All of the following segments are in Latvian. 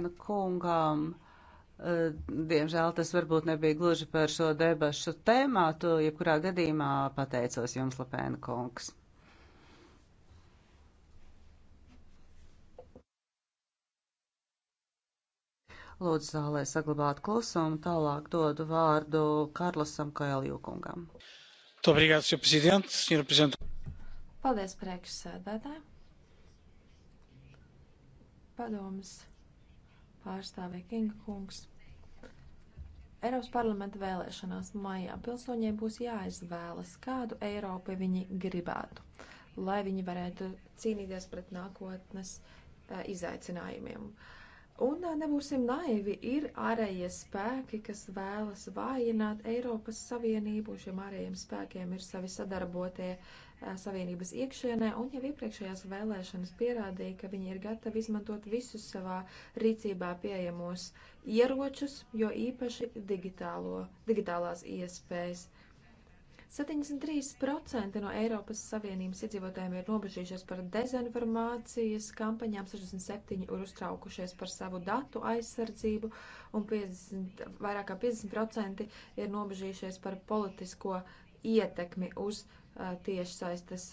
Lēna kungām. Eh, diemžēl tas varbūt nebija gluži par šo debašu tēmātu, jebkurā gadījumā pateicos jums, Lapēna kungs. Lūdzu, zālē saglabāt klusumu, tālāk dodu vārdu Karlosam Kajaljūkungam. Obrigado, Sr. Presidente, Sr. Presidente. Paldies, priekšsēdētāji. Padomas pārstāvja Kinga kungs. Eiropas parlamenta vēlēšanās maijā pilsoņiem būs jāizvēlas, kādu Eiropu viņi gribētu, lai viņi varētu cīnīties pret nākotnes uh, izaicinājumiem. Un uh, nebūsim naivi, ir ārējie spēki, kas vēlas vājināt Eiropas Savienību, šiem ārējiem spēkiem ir savi sadarbotie uh, Savienības iekšienē, un jau iepriekšējās vēlēšanas pierādīja, ka viņi ir gatavi izmantot visus savā rīcībā pieejamos ieročus, jo īpaši digitālo, digitālās iespējas. 73% no Eiropas Savienības iedzīvotājiem ir nobežījušies par dezinformācijas kampaņām, 67% ir uztraukušies par savu datu aizsardzību, un 50, vairāk kā 50% ir nobežījušies par politisko ietekmi uz uh, tiešsaistes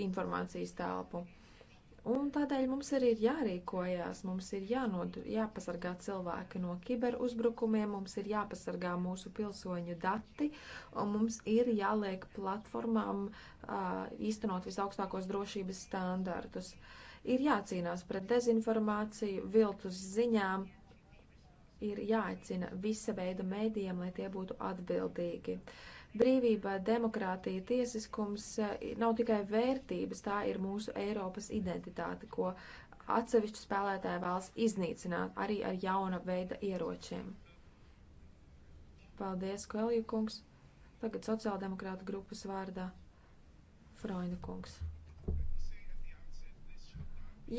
informācijas telpu. Un tādēļ mums arī ir jārīkojās, mums ir jānodur, jāpasargā cilvēki no kiberuzbrukumiem, mums ir jāpasargā mūsu pilsoņu dati, un mums ir jāliek platformām īstenot visaugstākos drošības standartus. Ir jācīnās pret dezinformāciju, viltus ziņām, ir jāicina visa veida mēdījiem, lai tie būtu atbildīgi. Uh, Brīvība, demokrātija, tiesiskums eh, nav tikai vērtības, tā ir mūsu Eiropas identitāte, ko atsevišķi spēlētāji vēlas iznīcināt arī ar jauna veida ieročiem. Paldies, Koelju kungs. Tagad sociāldemokrāta grupas vārdā Froina kungs.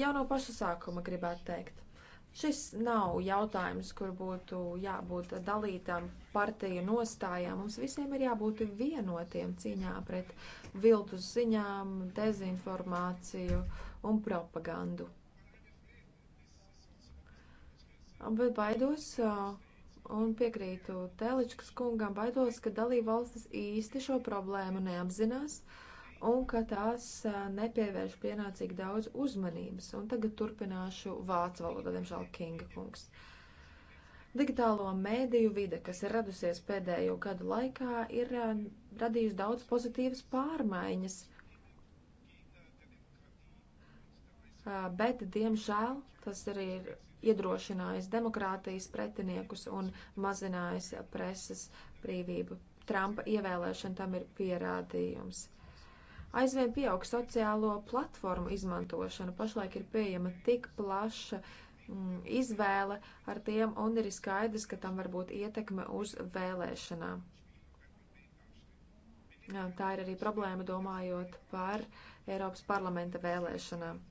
Jau no paša sākuma gribētu teikt. Šis nav jautājums, kur būtu jābūt dalītām partiju nostājām. Mums visiem ir jābūt vienotiem cīņā pret viltus ziņām, dezinformāciju un propagandu. Bet baidos uh, un piekrītu Teličkas kungam, baidos, ka dalība valstis īsti šo problēmu neapzinās. Uh, un ka tās nepievērš pienācīgi daudz uzmanības. Un tagad turpināšu vācu valodā, diemžēl, Kinga kungs. Digitālo mēdīju vide, kas ir radusies pēdējo gadu laikā, ir radījusi daudz pozitīvas pārmaiņas. Bet, diemžēl, tas arī ir iedrošinājis demokrātijas pretiniekus un mazinājis preses brīvību. Trumpa ievēlēšana tam ir pierādījums. Aizvien pieaug sociālo platformu izmantošana. Pašlaik ir pieejama tik plaša mm, izvēle ar tiem, un ir skaidrs, ka tam var būt ietekme uz vēlēšanām. Tā ir arī problēma domājot par Eiropas parlamenta vēlēšanām.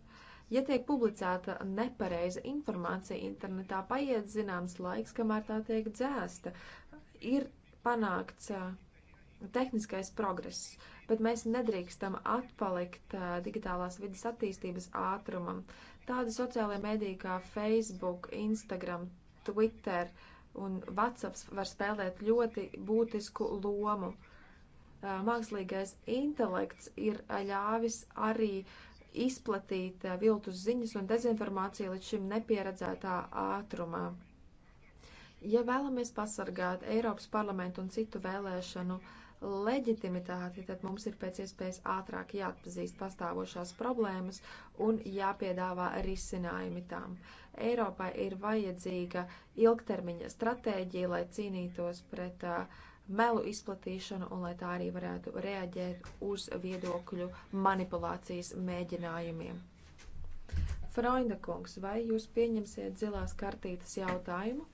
Ja tiek publicēta nepareiza informācija internetā, paiet zināms laiks, kamēr tā tiek dzēsta. Ir panākts tehniskais progress bet mēs nedrīkstam atpalikt digitālās vidas attīstības ātrumam. Tādi sociālai mediji kā Facebook, Instagram, Twitter un WhatsApp var spēlēt ļoti būtisku lomu. Mākslīgais intelekts ir ļāvis arī izplatīt viltus ziņas un dezinformāciju līdz šim nepieredzētā ātrumā. Ja vēlamies pasargāt Eiropas parlamentu un citu vēlēšanu uh, leģitimitāti, tad mums ir pēc iespējas ātrāk jāatpazīst pastāvošās problēmas un jāpiedāvā risinājumi tām. Eiropai ir vajadzīga ilgtermiņa stratēģija, lai cīnītos pret uh, melu izplatīšanu un lai tā arī varētu reaģēt uz viedokļu manipulācijas mēģinājumiem. Freunda kungs, vai jūs pieņemsiet zilās kartītes jautājumu?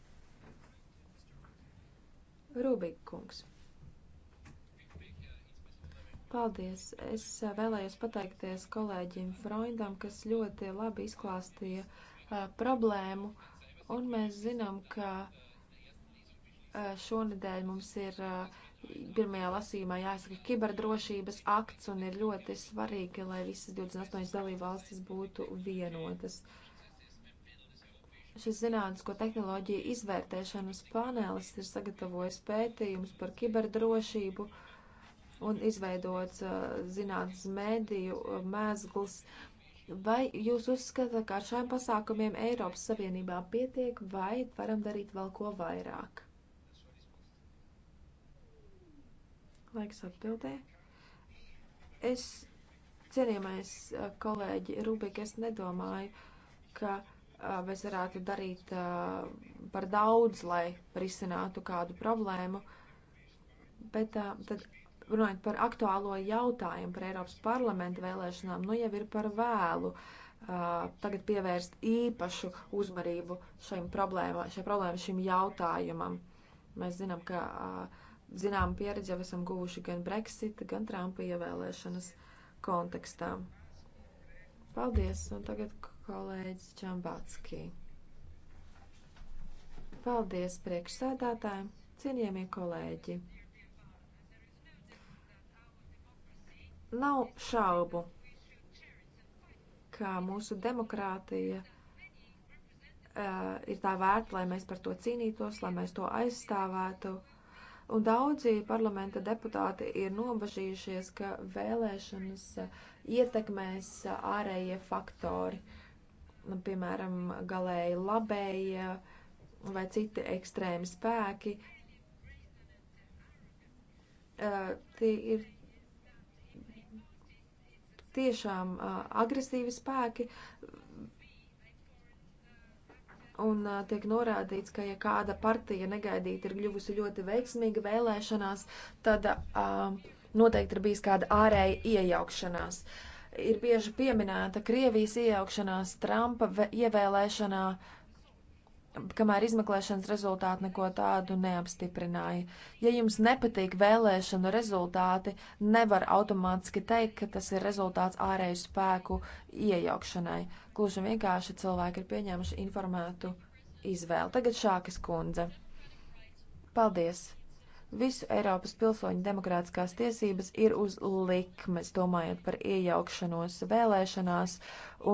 Rubik kungs. Paldies! Es eh, vēlējos pateikties kolēģim Freundam, kas ļoti labi izklāstīja uh, problēmu, un mēs zinām, ka uh, šonedēļ mums ir uh, pirmajā lasījumā jāsaka kiberdrošības akts, un ir ļoti svarīgi, lai visas 28 dalībvalstis būtu vienotas. Šis zinātnisko tehnoloģiju izvērtēšanas panelis ir sagatavojis pētījumus par kiberdrošību. Uh, un izveidots zinātnes mediju mēzgls. Vai jūs uzskatāt, ka ar šiem pasākumiem Eiropas Savienībā pietiek, vai varam darīt vēl ko vairāk? Laiks atbildē. Es, cienījamais kolēģi Rubik, es nedomāju, ka mēs varētu darīt par daudz, lai risinātu kādu problēmu, bet tad runājot par aktuālo jautājumu par Eiropas parlamenta vēlēšanām, nu jau ir par vēlu uh, tagad pievērst īpašu uzmanību šim problēma, šai problēmai, šim jautājumam. Mēs zinām, ka uh, zinām pieredzi jau esam guvuši gan Brexit, gan Trumpa ievēlēšanas kontekstā. Paldies, un tagad kolēģis Čambāckī. Paldies priekšsēdātājiem, cienījamie kolēģi! Nav šaubu, ka mūsu demokrātija uh, ir tā vērta, lai mēs par to cīnītos, lai mēs to aizstāvētu. Un daudzi parlamenta deputāti ir nobažījušies, ka vēlēšanas eh, ietekmēs eh, ārējie faktori, nu, piemēram, galēji labējie vai citi ekstrēmi spēki. Uh, tie ir tiešām uh, agresīvi spēki. Un uh, tiek norādīts, ka ja kāda partija negaidīti ir kļuvusi ļoti veiksmīga vēlēšanās, tad uh, noteikti ir bijis kāda ārēja iejaukšanās. Ir bieži pieminēta Krievijas iejaukšanās Trumpa ievēlēšanā uh, kamēr izmeklēšanas rezultāti neko tādu neapstiprināja. Ja jums nepatīk vēlēšanu rezultāti, nevar automātiski teikt, ka tas ir rezultāts ārēju spēku iejaukšanai. Gluži vienkārši cilvēki ir pieņēmuši informētu izvēli. Tagad šākas kundze. Paldies! Visu Eiropas pilsoņu demokrātiskās tiesības ir uz likmes, domājot par iejaukšanos vēlēšanās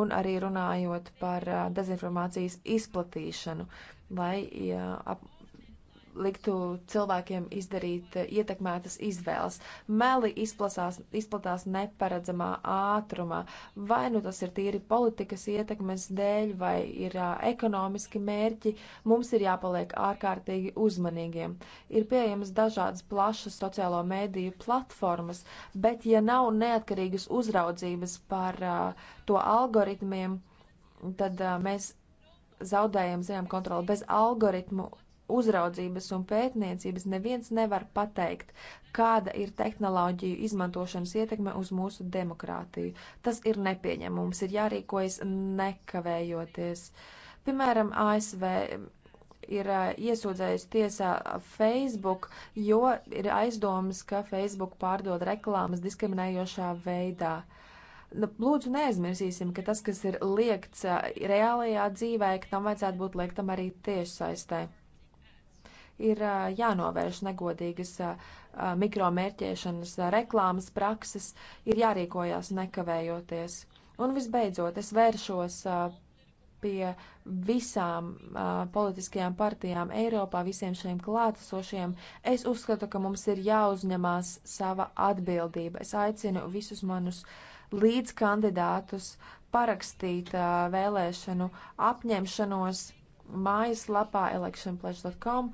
un arī runājot par dezinformācijas izplatīšanu, lai ja, ap, liktu cilvēkiem izdarīt eh, ietekmētas izvēles. Meli izplasās, izplatās neparedzamā ātrumā. Vai nu tas ir tīri politikas ietekmes dēļ, vai ir uh, ekonomiski mērķi, mums ir jāpaliek ārkārtīgi uzmanīgiem. Ir pieejamas dažādas plašas sociālo mēdīju platformas, bet ja nav neatkarīgas uzraudzības par uh, to algoritmiem, tad uh, mēs zaudējam, zinām, kontroli bez algoritmu uzraudzības un pētniecības neviens nevar pateikt, kāda ir tehnoloģiju izmantošanas ietekme uz mūsu demokrātiju. Tas ir nepieņemums, ir jārīkojas nekavējoties. Piemēram, ASV ir iesūdzējis tiesā Facebook, jo ir aizdomas, ka Facebook pārdod reklāmas diskriminējošā veidā. Nu, lūdzu, neaizmirsīsim, ka tas, kas ir liekts reālajā dzīvē, ka tam vajadzētu būt liektam arī tiešsaistē ir jānovērš negodīgas mikromērķēšanas reklāmas prakses, ir jārīkojās nekavējoties. Un visbeidzot, es vēršos pie visām uh, politiskajām partijām Eiropā, visiem šiem klātesošiem, es uzskatu, ka mums ir jāuzņemās sava atbildība. Es aicinu visus manus līdzkandidātus parakstīt uh, vēlēšanu apņemšanos mājaslapā electionpledge.com.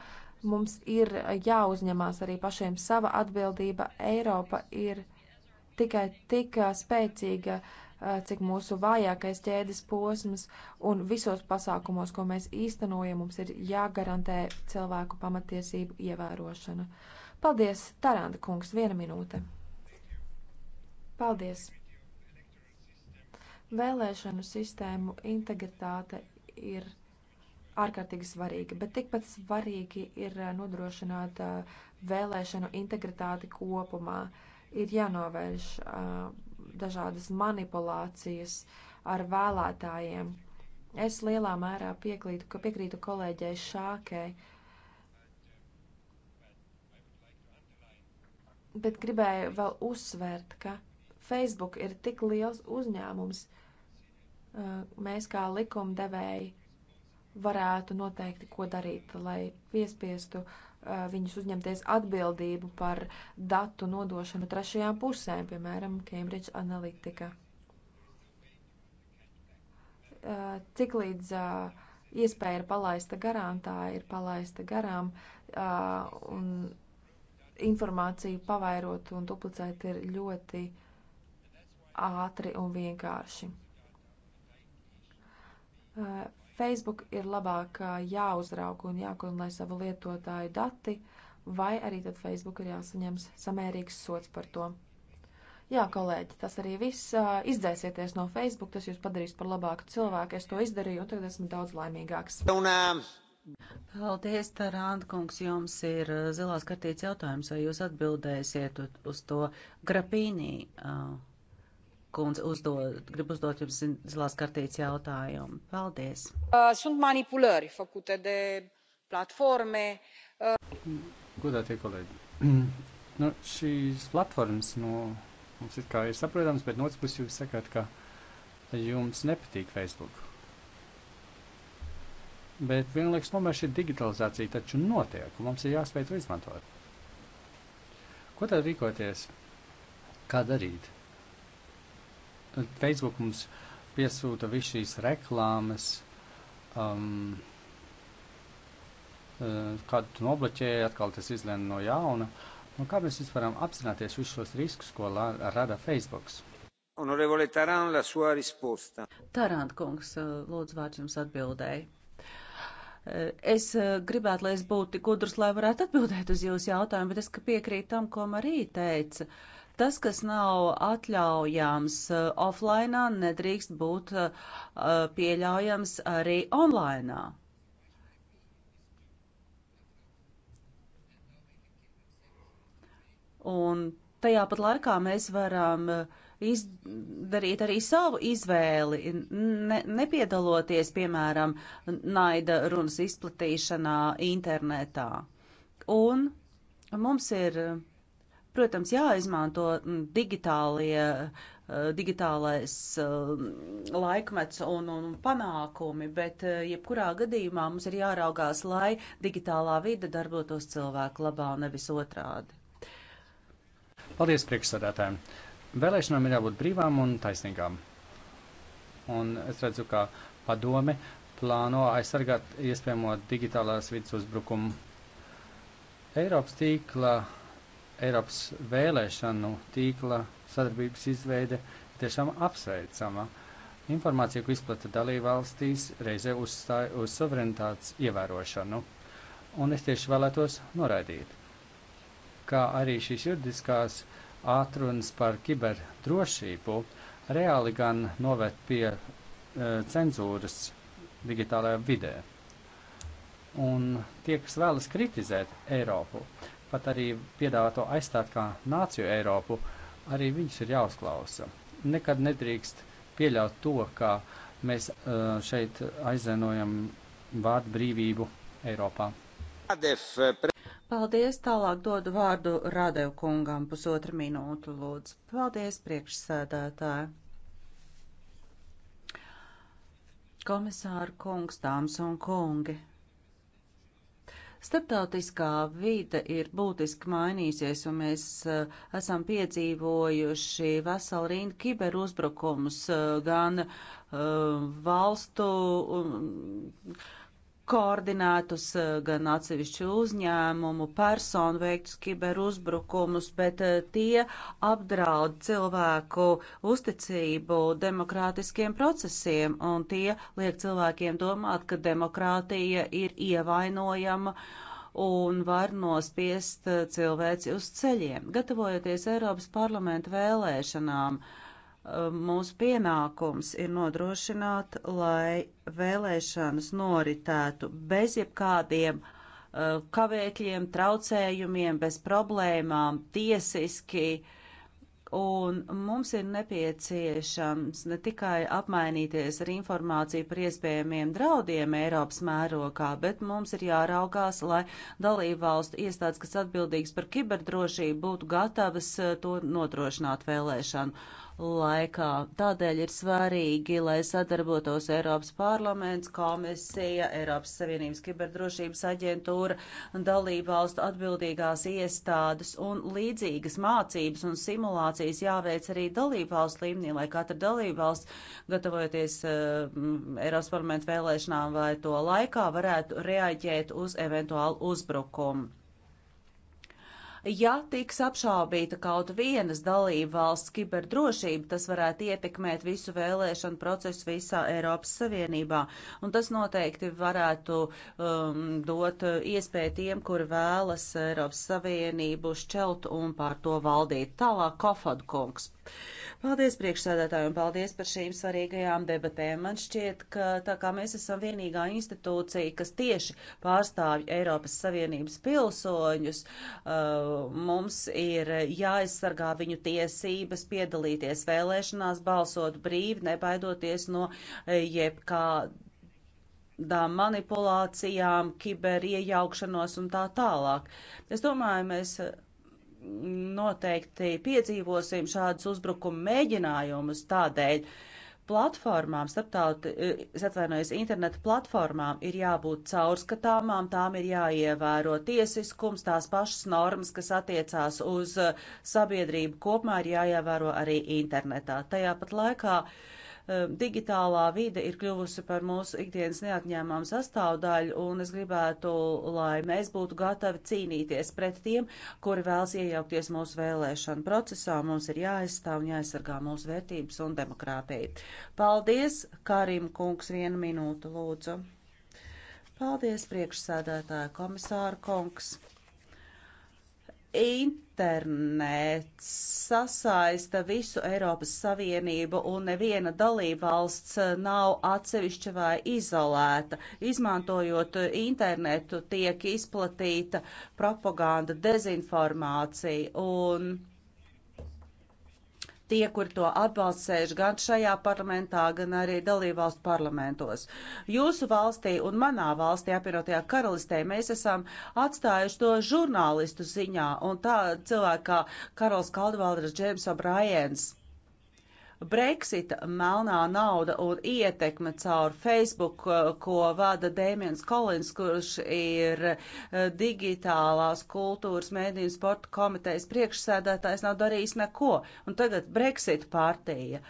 Mums ir jāuzņemās arī pašiem sava atbildība. Eiropa ir tikai tik spēcīga, cik mūsu vājākais ķēdes posms, un visos pasākumos, ko mēs īstenojam, mums ir jāgarantē cilvēku pamatiesību ievērošana. Paldies, Taranda kungs, viena minūte. Paldies! Vēlēšanu sistēmu integritāte ir ārkārtīgi svarīga, bet tikpat svarīgi ir eh, nodrošināt eh, vēlēšanu integritāti kopumā. Ir jānovērš eh, dažādas manipulācijas ar vēlētājiem. Es lielā mērā piekrītu, ka piekrītu kolēģei Šākei. Bet gribēju vēl uzsvērt, ka Facebook ir tik liels uzņēmums, mēs kā likumdevēji varētu noteikti ko darīt, lai piespiestu uh, viņus uzņemties atbildību par datu nodošanu trešajām pusēm, piemēram, Cambridge Analytica. Uh, cik līdz uh, iespēja ir palaista garām, tā ir palaista garām, uh, un informāciju pavairot un duplicēt ir ļoti ātri un vienkārši uh, Facebook ir labāk jāuzrauga un jākontrolē savu lietotāju dati, vai arī tad Facebook ir jāsaņems samērīgs sots par to. Jā, kolēģi, tas arī viss. Izdzēsieties no Facebook, tas jūs padarīs par labāku cilvēku. Es to izdarīju, un tagad esmu daudz laimīgāks. Un, uh... Paldies, Tarantkungs, jums ir zilās kartītes jautājums, vai jūs atbildēsiet uz to grapīnī? Uh kundze uzdod, grib uzdot jums zilās kartītes jautājumu. Paldies. Uh, sunt manipulări făcute de platforme. Uh, Godātie kolēģi, nu, šīs platformas no nu, mums ir kā ir saprotams, bet no otras puses jūs sakāt, ka jums nepatīk Facebook. Bet vienlaikus tomēr šī digitalizācija taču notiek, un mums ir jāspēj to izmantot. Ko tad rīkoties? Kā darīt? Tad Facebook mums piesūta visu šīs reklāmas, um, uh, kādu tu nobloķēji, atkal tas izlēma no jauna. Nu, kā mēs vispār varam apzināties visus šos riskus, ko la, rada Facebook? Onorevole Tarant, la sua risposta. Tarant kungs, uh, lūdzu vārds jums atbildēja. Uh, es gribētu, lai es būtu gudrs, lai varētu atbildēt uz jūsu jautājumu, bet es piekrītu tam, ko Marija teica. Uh, Tas, kas nav atļaujams uh, offline, nedrīkst būt uh, uh, pieļaujams arī online. Un tajā pat laikā mēs varam izdarīt arī savu izvēli, ne, nepiedaloties, piemēram, naida runas izplatīšanā internetā. Un mums ir Protams, jāizmanto mm, digitālie, eh, digitālais eh, laikmets un, un panākumi, bet eh, jebkurā gadījumā mums ir jāraugās, lai digitālā vide darbotos cilvēku labā un nevis otrādi. Paldies priekšsādātājiem! Vēlēšanām ir jābūt brīvām un taisnīgām. Un es redzu, ka padome plāno aizsargāt iespējamo digitālās vidas uzbrukumu. Eiropas tīkla Eiropas vēlēšanu tīkla sadarbības izveide tiešām apsveicama. Informācija, ko izplata dalībvalstīs, reizē uzstāja uz suverenitātes ievērošanu. Un es tieši vēlētos noraidīt, kā arī šīs juridiskās ātrunas par kiberdrošību reāli gan noved pie e, cenzūras digitālajā vidē. Un tie, kas vēlas kritizēt Eiropu, tāpat arī piedāvā to aizstāt kā nāciju Eiropu, arī viņus ir jāuzklausa. Nekad nedrīkst pieļaut to, ka mēs uh, šeit aizvainojam vārdu brīvību Eiropā. Paldies, tālāk dodu vārdu Radev kungam pusotra minūtu, lūdzu. Paldies, priekšsēdētāji. Komisāra kungs, dāmas un kungi. Startautiskā vīda ir būtiski mainīsies, un mēs uh, esam piedzīvojuši veselu rindu kiberuzbrukumus uh, gan uh, valstu. Um, koordinētus eh, gan atsevišķu uzņēmumu, personu veiktus kiberuzbrukumus, bet eh, tie apdraud cilvēku uzticību demokrātiskiem procesiem, un tie liek cilvēkiem domāt, ka demokrātija ir ievainojama un var nospiest eh, cilvēci uz ceļiem. Gatavojoties Eiropas parlamenta vēlēšanām, uh, Um, mūsu pienākums ir nodrošināt, lai vēlēšanas noritētu bez jebkādiem uh, kavēkļiem, traucējumiem, bez problēmām, tiesiski. Un mums ir nepieciešams ne tikai apmainīties ar informāciju par iespējamiem draudiem Eiropas mērogā, bet mums ir jāraugās, lai dalībvalstu iestādes, kas atbildīgas par kiberdrošību, būtu gatavas uh, to nodrošināt vēlēšanu laikā. Tādēļ ir svarīgi, lai sadarbotos Eiropas parlaments, komisija, Eiropas Savienības kiberdrošības aģentūra, dalībvalstu atbildīgās iestādes un līdzīgas mācības un simulācijas jāveic arī dalībvalstu līmenī, lai katra dalībvalsts, gatavojoties uh, Eiropas parlamentu vēlēšanām vai to laikā, varētu reaģēt uz eventuālu uzbrukumu. Ja tiks apšaubīta kaut vienas dalība valsts kiberdrošība, tas varētu ietekmēt visu vēlēšanu procesu visā Eiropas Savienībā, un tas noteikti varētu um, dot iespēju tiem, kuri vēlas Eiropas Savienību šķelt un pār to valdīt. Tālāk, Kofod kungs. Uh, Paldies priekšsēdētāju un paldies par šīm svarīgajām debatēm. Man šķiet, ka tā kā mēs esam vienīgā institūcija, kas tieši pārstāvja Eiropas Savienības pilsoņus, uh, mums ir jāaizsargā viņu tiesības piedalīties vēlēšanās, balsot brīvi, nebaidoties no eh, jebkāda tādām manipulācijām, kiberiejaukšanos un tā tālāk. Es domāju, mēs noteikti piedzīvosim šādus uzbrukumu mēģinājumus tādēļ. Platformām, starptauti, es atvainojos, interneta platformām ir jābūt caurskatāmām, tām ir jāievēro tiesiskums, tās pašas normas, kas attiecās uz sabiedrību kopumā, ir jāievēro arī internetā. Tajā pat laikā uh, Ehm, digitālā vide ir kļuvusi par mūsu ikdienas neatņēmām sastāvdaļu, un es gribētu, lai mēs būtu gatavi cīnīties pret tiem, kuri vēlas iejaukties mūsu vēlēšanu procesā. Mums ir jāaizstāv un jāaizsargā mūsu vērtības un demokrātija. Paldies, Karim kungs, vienu minūtu lūdzu. Paldies, priekšsēdētāja komisāra kungs internets sasaista visu Eiropas Savienību un neviena dalībvalsts eh, nav atsevišķa vai izolēta. Izmantojot internetu tiek izplatīta propaganda, dezinformācija un tie, kur to atbalsta, sēž gan šajā parlamentā, gan arī dalībvalstu parlamentos. Jūsu valstī un manā valstī, apvienotajā karalistē, mēs esam atstājuši to žurnālistu ziņā, un tā cilvēka kā Karols Kaldvalders, Džeims O'Briens, Brexita melnā nauda un ietekme caur Facebook, eh, ko vada Dēmiens Kolins, kurš ir eh, digitālās kultūras mēdīņu sporta komitejas priekšsēdētājs, nav darījis neko. Un tagad Brexit partija.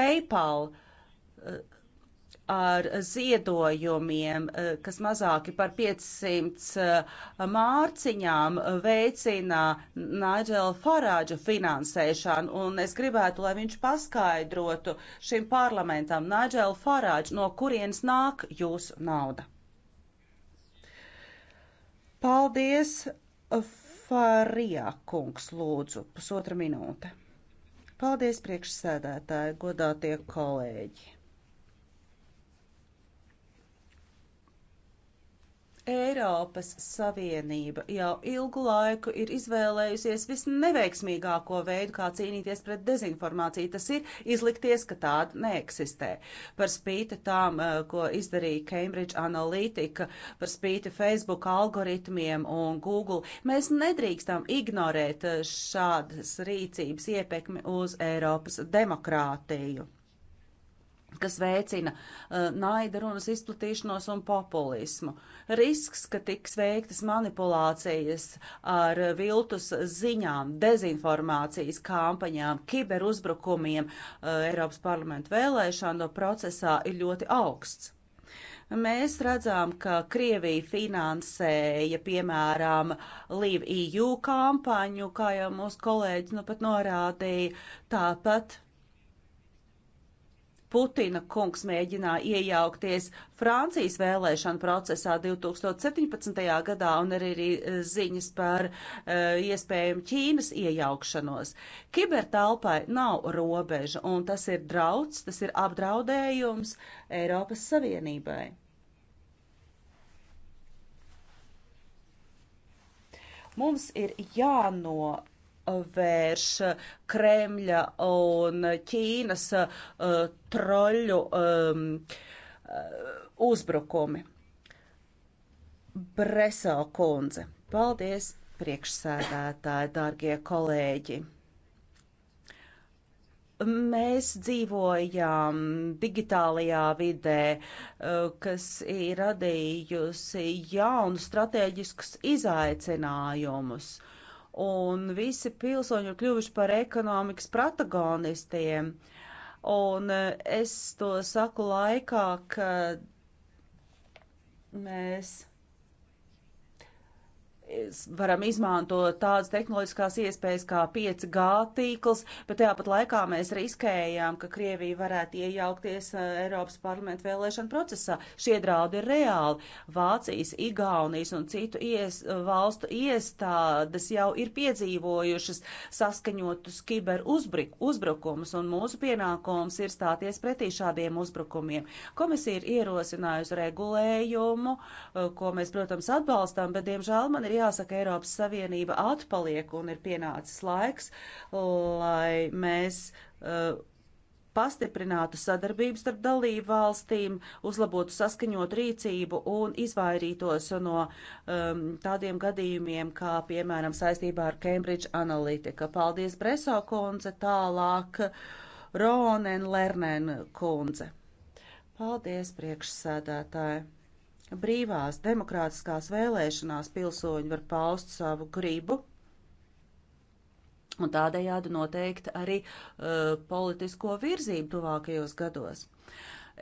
PayPal. Uh, ar ziedojumiem, eh, kas mazāki par 500 eh, mārciņām eh, veicina Nigela Farāģa finansēšanu, un es gribētu, lai viņš paskaidrotu šim parlamentam, Nigela Farāģa, no kurienes nāk jūsu nauda. Paldies, Farijā kungs, lūdzu, pusotra minūte. Paldies, priekšsēdētāji, godātie kolēģi. Eiropas Savienība jau ilgu laiku ir izvēlējusies visneveiksmīgāko veidu, kā cīnīties pret dezinformāciju. Tas ir izlikties, ka tāda neeksistē. Par spīti tām, eh, ko izdarīja Cambridge Analytica, par spīti Facebook algoritmiem un Google, mēs nedrīkstam ignorēt eh, šādas rīcības iepekmi uz Eiropas demokrātiju kas veicina uh, naida runas izplatīšanos un populismu. Risks, ka tiks veiktas manipulācijas ar viltus ziņām, dezinformācijas kampaņām, kiberuzbrukumiem uh, Eiropas parlamentu vēlēšanu procesā ir ļoti augsts. Mēs redzam, ka Krievija finansēja, piemēram, Live EU kampaņu, kā jau mūsu kolēģis nu pat norādīja, tāpat Putina kungs mēģināja iejaukties Francijas vēlēšanu procesā 2017. gadā un arī, arī e, ziņas par uh, e, iespējumu Ķīnas iejaukšanos. Kibertelpai nav robeža un tas ir drauds, tas ir apdraudējums Eiropas Savienībai. Mums ir jāno jānovērš Kremļa un Ķīnas uh, troļu um, uh, uzbrukumi. Bresā kundze. Paldies, priekšsēdētāji, dārgie kolēģi! mēs dzīvojam digitālajā vidē, uh, kas ir radījusi jaunu strateģiskus izaicinājumus un visi pilsoņi ir kļuvuši par ekonomikas protagonistiem. Un e, es to saku laikā, kad mēs varam izmantot tādas tehnoloģiskās iespējas kā 5G tīkls, bet tāpat laikā mēs riskējām, ka Krievija varētu iejaukties uh, Eiropas parlamentu vēlēšanu procesā. Šie draudi ir reāli. Vācijas, Igaunijas un citu ies, valstu iestādes jau ir piedzīvojušas saskaņotus kiber uzbrukumus, un mūsu pienākums ir stāties pretī šādiem uzbrukumiem. Komisija ir ierosinājusi regulējumu, uh, ko mēs, protams, atbalstām, bet, diemžēl, man ir jāsaka, Eiropas Savienība atpaliek un ir pienācis laiks, lai mēs uh, pastiprinātu sadarbību starp dalību valstīm, uzlabotu saskaņot rīcību un izvairītos no um, tādiem gadījumiem, kā piemēram saistībā ar Cambridge Analytica. Paldies, Breso kundze, tālāk Ronen Lernen kundze. Paldies, priekšsēdētāji! brīvās, demokrātiskās vēlēšanās pilsoņi var paust savu gribu un tādējādi noteikt arī uh, politisko virzību tuvākajos gados.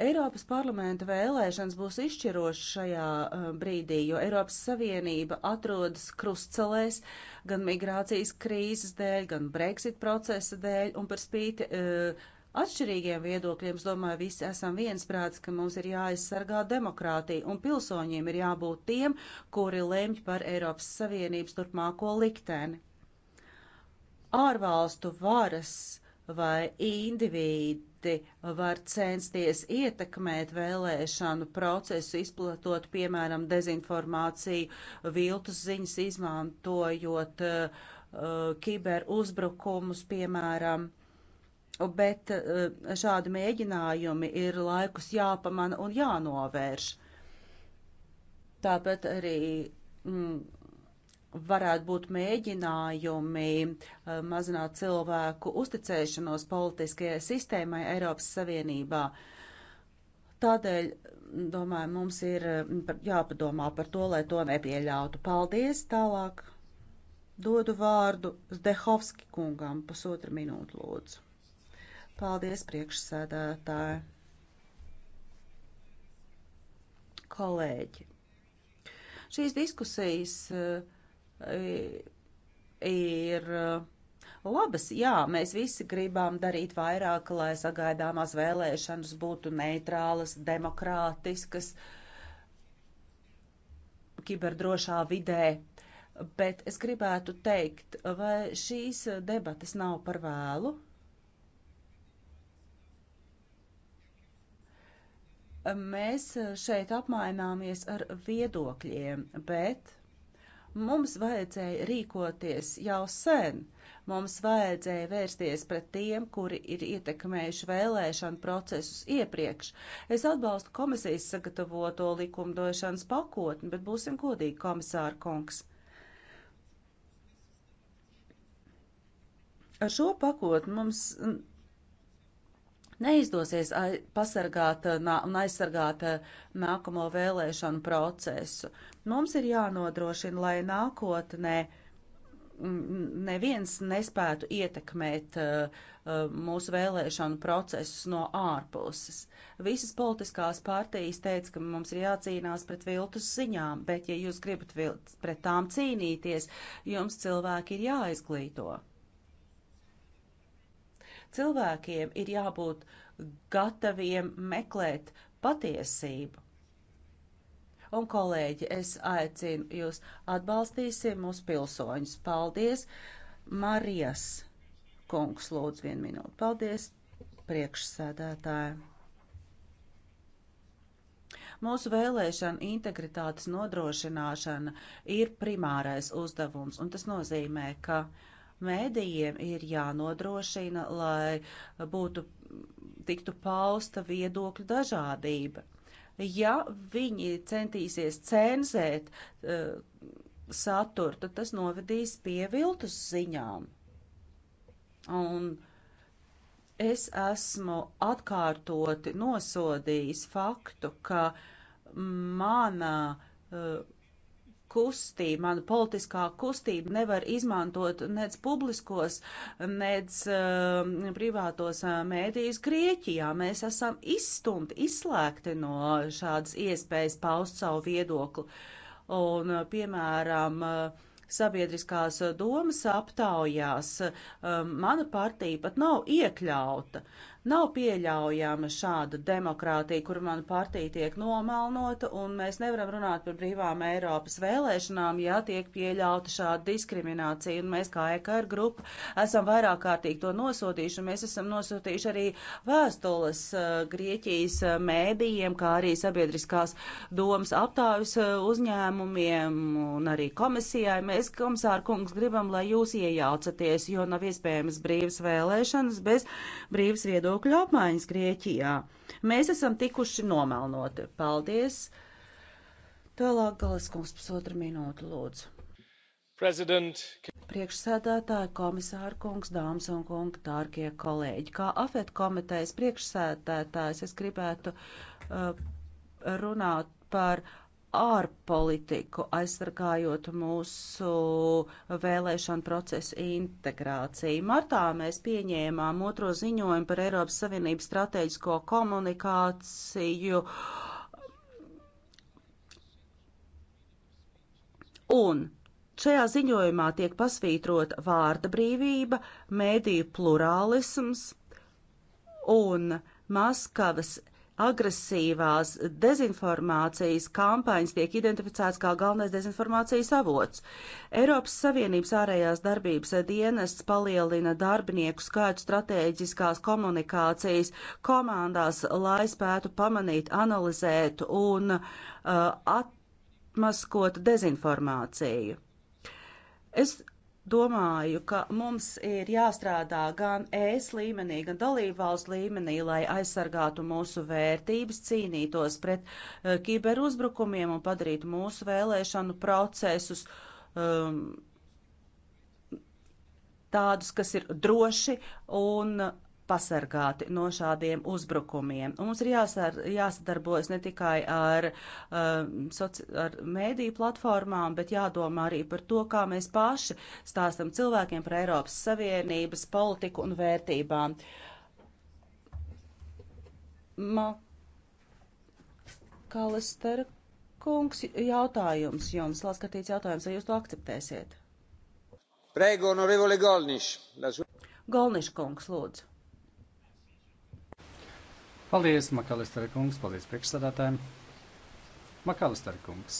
Eiropas parlamenta vēlēšanas būs izšķirošas šajā uh, brīdī, jo Eiropas Savienība atrodas krustcelēs gan migrācijas krīzes dēļ, gan Brexit procesa dēļ, un par spīti uh, atšķirīgiem viedokļiem. Es domāju, visi esam viensprāts, ka mums ir jāaizsargā demokrātija un pilsoņiem ir jābūt tiem, kuri lemj par Eiropas Savienības turpmāko likteni. Ārvalstu varas vai indivīdi var censties ietekmēt vēlēšanu procesu, izplatot, piemēram, dezinformāciju, viltus ziņas, izmantojot uh, uh kiberuzbrukumus, piemēram. Uh, bet eh, šādi mēģinājumi ir laikus jāpamana un jānovērš. Tāpat arī mm, varētu būt mēģinājumi eh, mazināt cilvēku uzticēšanos politiskajai sistēmai Eiropas Savienībā. Tādēļ, mm, domāju, mums ir mm, jāpadomā par to, lai to nepieļautu. Paldies! Tālāk dodu vārdu Zdehovski kungam pusotru minūtu lūdzu. Paldies, priekšsēdētāji. Kolēģi, šīs diskusijas eh, ir eh, labas. Jā, mēs visi gribam darīt vairāk, lai sagaidāmās vēlēšanas būtu neitrālas, demokrātiskas, kiberdrošā vidē. Bet es gribētu teikt, vai šīs debatas nav par vēlu? mēs šeit apmaināmies ar viedokļiem, bet mums vajadzēja rīkoties jau sen. Mums vajadzēja vērsties pret tiem, kuri ir ietekmējuši vēlēšanu procesus iepriekš. Es atbalstu komisijas sagatavoto likumdošanas pakotni, bet būsim godīgi, komisāra kungs. Ar šo pakotni mums neizdosies pasargāt eh, un aizsargāt eh, nākamo vēlēšanu procesu. Mums ir jānodrošina, lai nākotnē mm, neviens nespētu ietekmēt eh, mūsu vēlēšanu procesus no ārpuses. Visas politiskās partijas teica, ka mums ir jācīnās pret viltus ziņām, bet ja jūs gribat pret tām cīnīties, jums cilvēki ir jāizglīto. Cilvēkiem ir jābūt gataviem meklēt patiesību. Un, kolēģi, es aicinu jūs atbalstīsim mūsu pilsoņus. Paldies! Marijas kungs lūdzu vienu minūti. Paldies, priekšsēdētāji! Mūsu vēlēšana integritātes nodrošināšana ir primārais uzdevums, un tas nozīmē, ka uh, Mēdījiem ir jānodrošina, lai būtu tiktu pausta viedokļu dažādība. Ja viņi centīsies cenzēt uh, eh, saturu, tad tas novedīs pie viltus ziņām. Un es esmu atkārtoti nosodījis faktu, ka manā uh, eh, kustība, mana politiskā kustība nevar izmantot nec publiskos, nec uh, privātos uh, mēdījus Grieķijā. Mēs esam izstumti, izslēgti no šādas iespējas paust savu viedokli. Un, uh, piemēram, uh, sabiedriskās domas aptaujās, uh, mana partija pat nav iekļauta. Nav pieļaujama šāda demokrātija, kur mana partija tiek nomalnota, un mēs nevaram runāt par brīvām Eiropas vēlēšanām, ja tiek pieļauta šāda diskriminācija. Un mēs kā EKR grupa esam vairāk kārtīgi to nosodījuši, un mēs esam nosūtījuši arī vēstules uh, Grieķijas uh, mēdījiem, kā arī sabiedriskās domas aptāvis uh, eh, uzņēmumiem un arī komisijai. Mēs, komisāra kungs, gribam, lai jūs iejaucaties, jo nav iespējams brīvas vēlēšanas bez brīvas viedokļa viedokļu apmaiņas Grieķijā. Mēs esam tikuši nomelnoti. Paldies! Tālāk galas kungs pusotru minūtu lūdzu. President... Priekšsēdētāji, komisāra kungs, dāmas un kungi, dārgie kolēģi, kā afet komitejas priekšsēdētājs es gribētu uh, runāt par ārpolitiku, aizsargājot mūsu vēlēšanu procesu integrāciju. Martā mēs pieņēmām otro ziņojumu par Eiropas Savienības strateģisko komunikāciju. Un šajā ziņojumā tiek pasvītrot vārda brīvība, mēdīju plurālisms un Maskavas agresīvās dezinformācijas kampaņas tiek identificēts kā galvenais dezinformācijas avots. Eiropas Savienības ārējās darbības dienests palielina darbinieku skaitu strateģiskās komunikācijas komandās, lai spētu pamanīt, analizēt un uh, atmaskot dezinformāciju. Es domāju, ka mums ir jāstrādā gan ES līmenī, gan dalībvalsts līmenī, lai aizsargātu mūsu vērtības, cīnītos pret uh, kiberuzbrukumiem un padarītu mūsu vēlēšanu procesus um, tādus, kas ir droši un pasargāti no šādiem uzbrukumiem. Un mums ir jāsar, jāsadarbojas ne tikai ar, uh, soci, ar mēdīju platformām, bet jādomā arī par to, kā mēs paši stāstam cilvēkiem par Eiropas Savienības politiku un vērtībām. Ma Kalester kungs, jautājums jums, laskatīts jautājums, vai jūs to akceptēsiet? Prego, onorevole Golniš. Golniš kungs, lūdzu. Paldies, Makalistera kungs, paldies priekšsādātājiem. Makalistera kungs,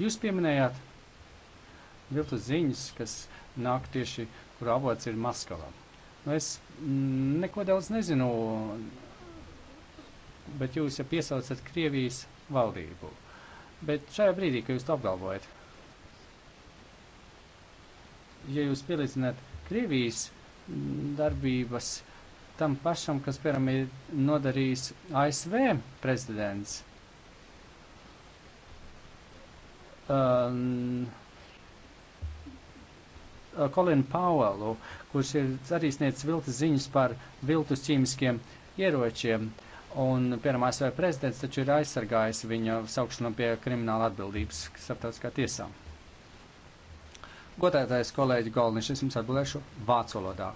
jūs pieminējāt viltus ziņas, kas nāk tieši, kur avots ir Maskavā. Nu, es mm, neko daudz nezinu, bet jūs jau piesaucat Krievijas valdību. Bet šajā brīdī, kad jūs to apgalvojat, ja jūs pielīdzināt Krievijas mm, darbības tam pašam, kas, piemēram, ir nodarījis ASV prezidents. Um, Kolinu Pauelu, kurš ir arī sniedz viltus ziņas par viltus ķīmiskiem ieročiem. Un, piemēram, ASV prezidents taču ir aizsargājis viņa saukšanu pie krimināla atbildības starptautiskā tiesā. Godētais kolēģi Galniņš, es jums atbildēšu vācu valodā.